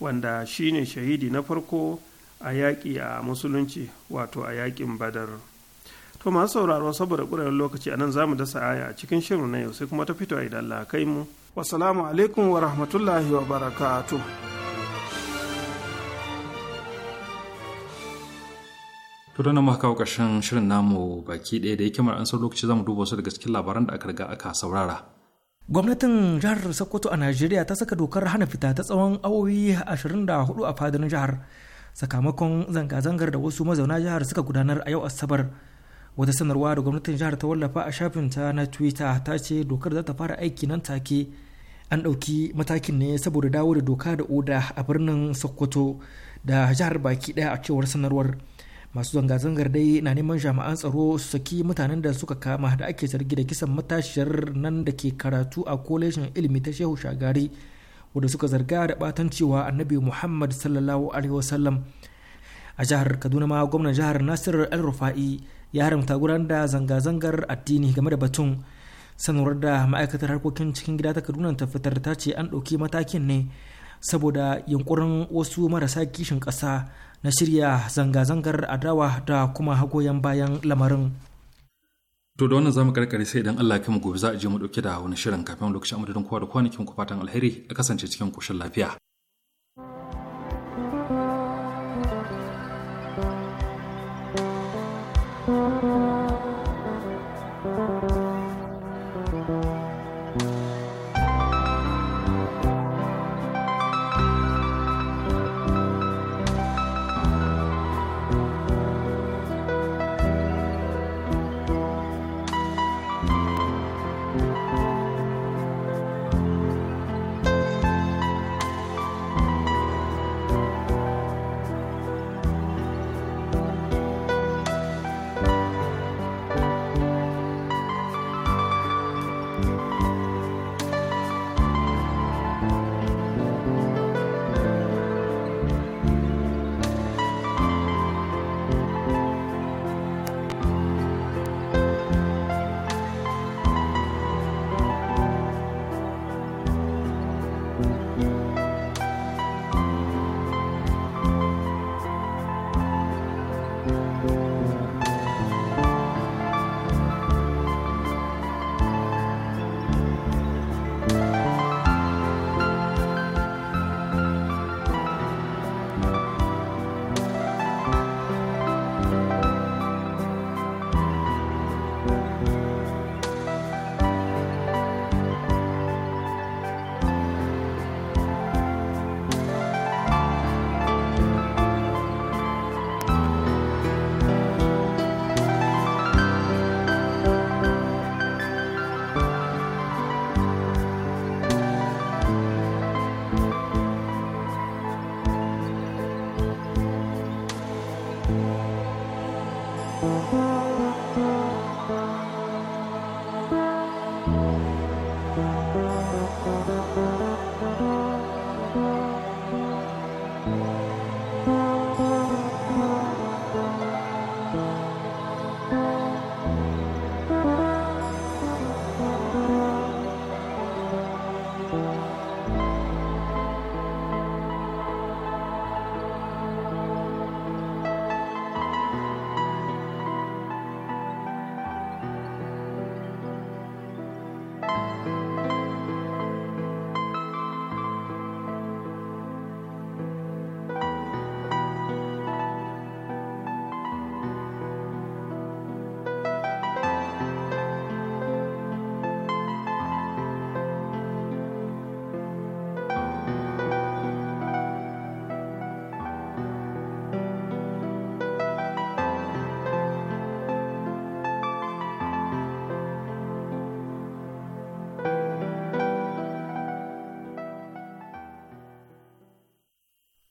wanda shine shahidi na farko a yaƙi a musulunci wato a yaƙin badar to masu sauraro saboda ƙuraren lokaci anan nan za mu dasa aya a cikin shirin na yau sai kuma ta fito idan Allah kai mu wasalamu alaikum wa rahmatullahi wa barakatu. tura nan muka kawo ƙarshen shirin namu baki ɗaya da yake an san lokaci zamu duba wasu daga cikin labaran da aka riga aka saurara. Gwamnatin jihar Sokoto a Najeriya ta saka dokar hana fita ta tsawon awowi 24 a fadin jihar sakamakon zanga-zangar da wasu mazauna jihar suka gudanar a yau Asabar. Wata sanarwa da gwamnatin jihar ta wallafa a shafin ta na Twitter ta ce dokar za ta fara aiki nan take an ɗauki matakin ne saboda dawo da doka da oda a birnin Sokoto da jihar baki ɗaya a cewar sanarwar. masu zanga-zangar dai na neman jami'an tsaro su saki mutanen da suka kama da ake zargi da kisan matashiyar nan da ke karatu a kolejin ilimi ta shehu shagari wadda suka zarga da batan cewa annabi muhammad sallallahu alaihi wasallam a jihar kaduna ma gwamnan jihar nasir al rufai ya haramta gudanar da zanga-zangar addini game da batun sanarwar da ma'aikatar harkokin cikin gida ta kaduna ta fitar ta ce an ɗauki matakin ne saboda yunkurin wasu marasa kishin ƙasa na shirya zanga-zangar adawa da kuma hagoyan bayan lamarin. To da wannan zamu karkare sai idan Allah ya mu gobe za a je mu dauke da wani shirin kafin lokacin amadadin kowa da kwanakin ku fatan alheri a kasance cikin koshin lafiya.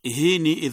Hii ni idhaa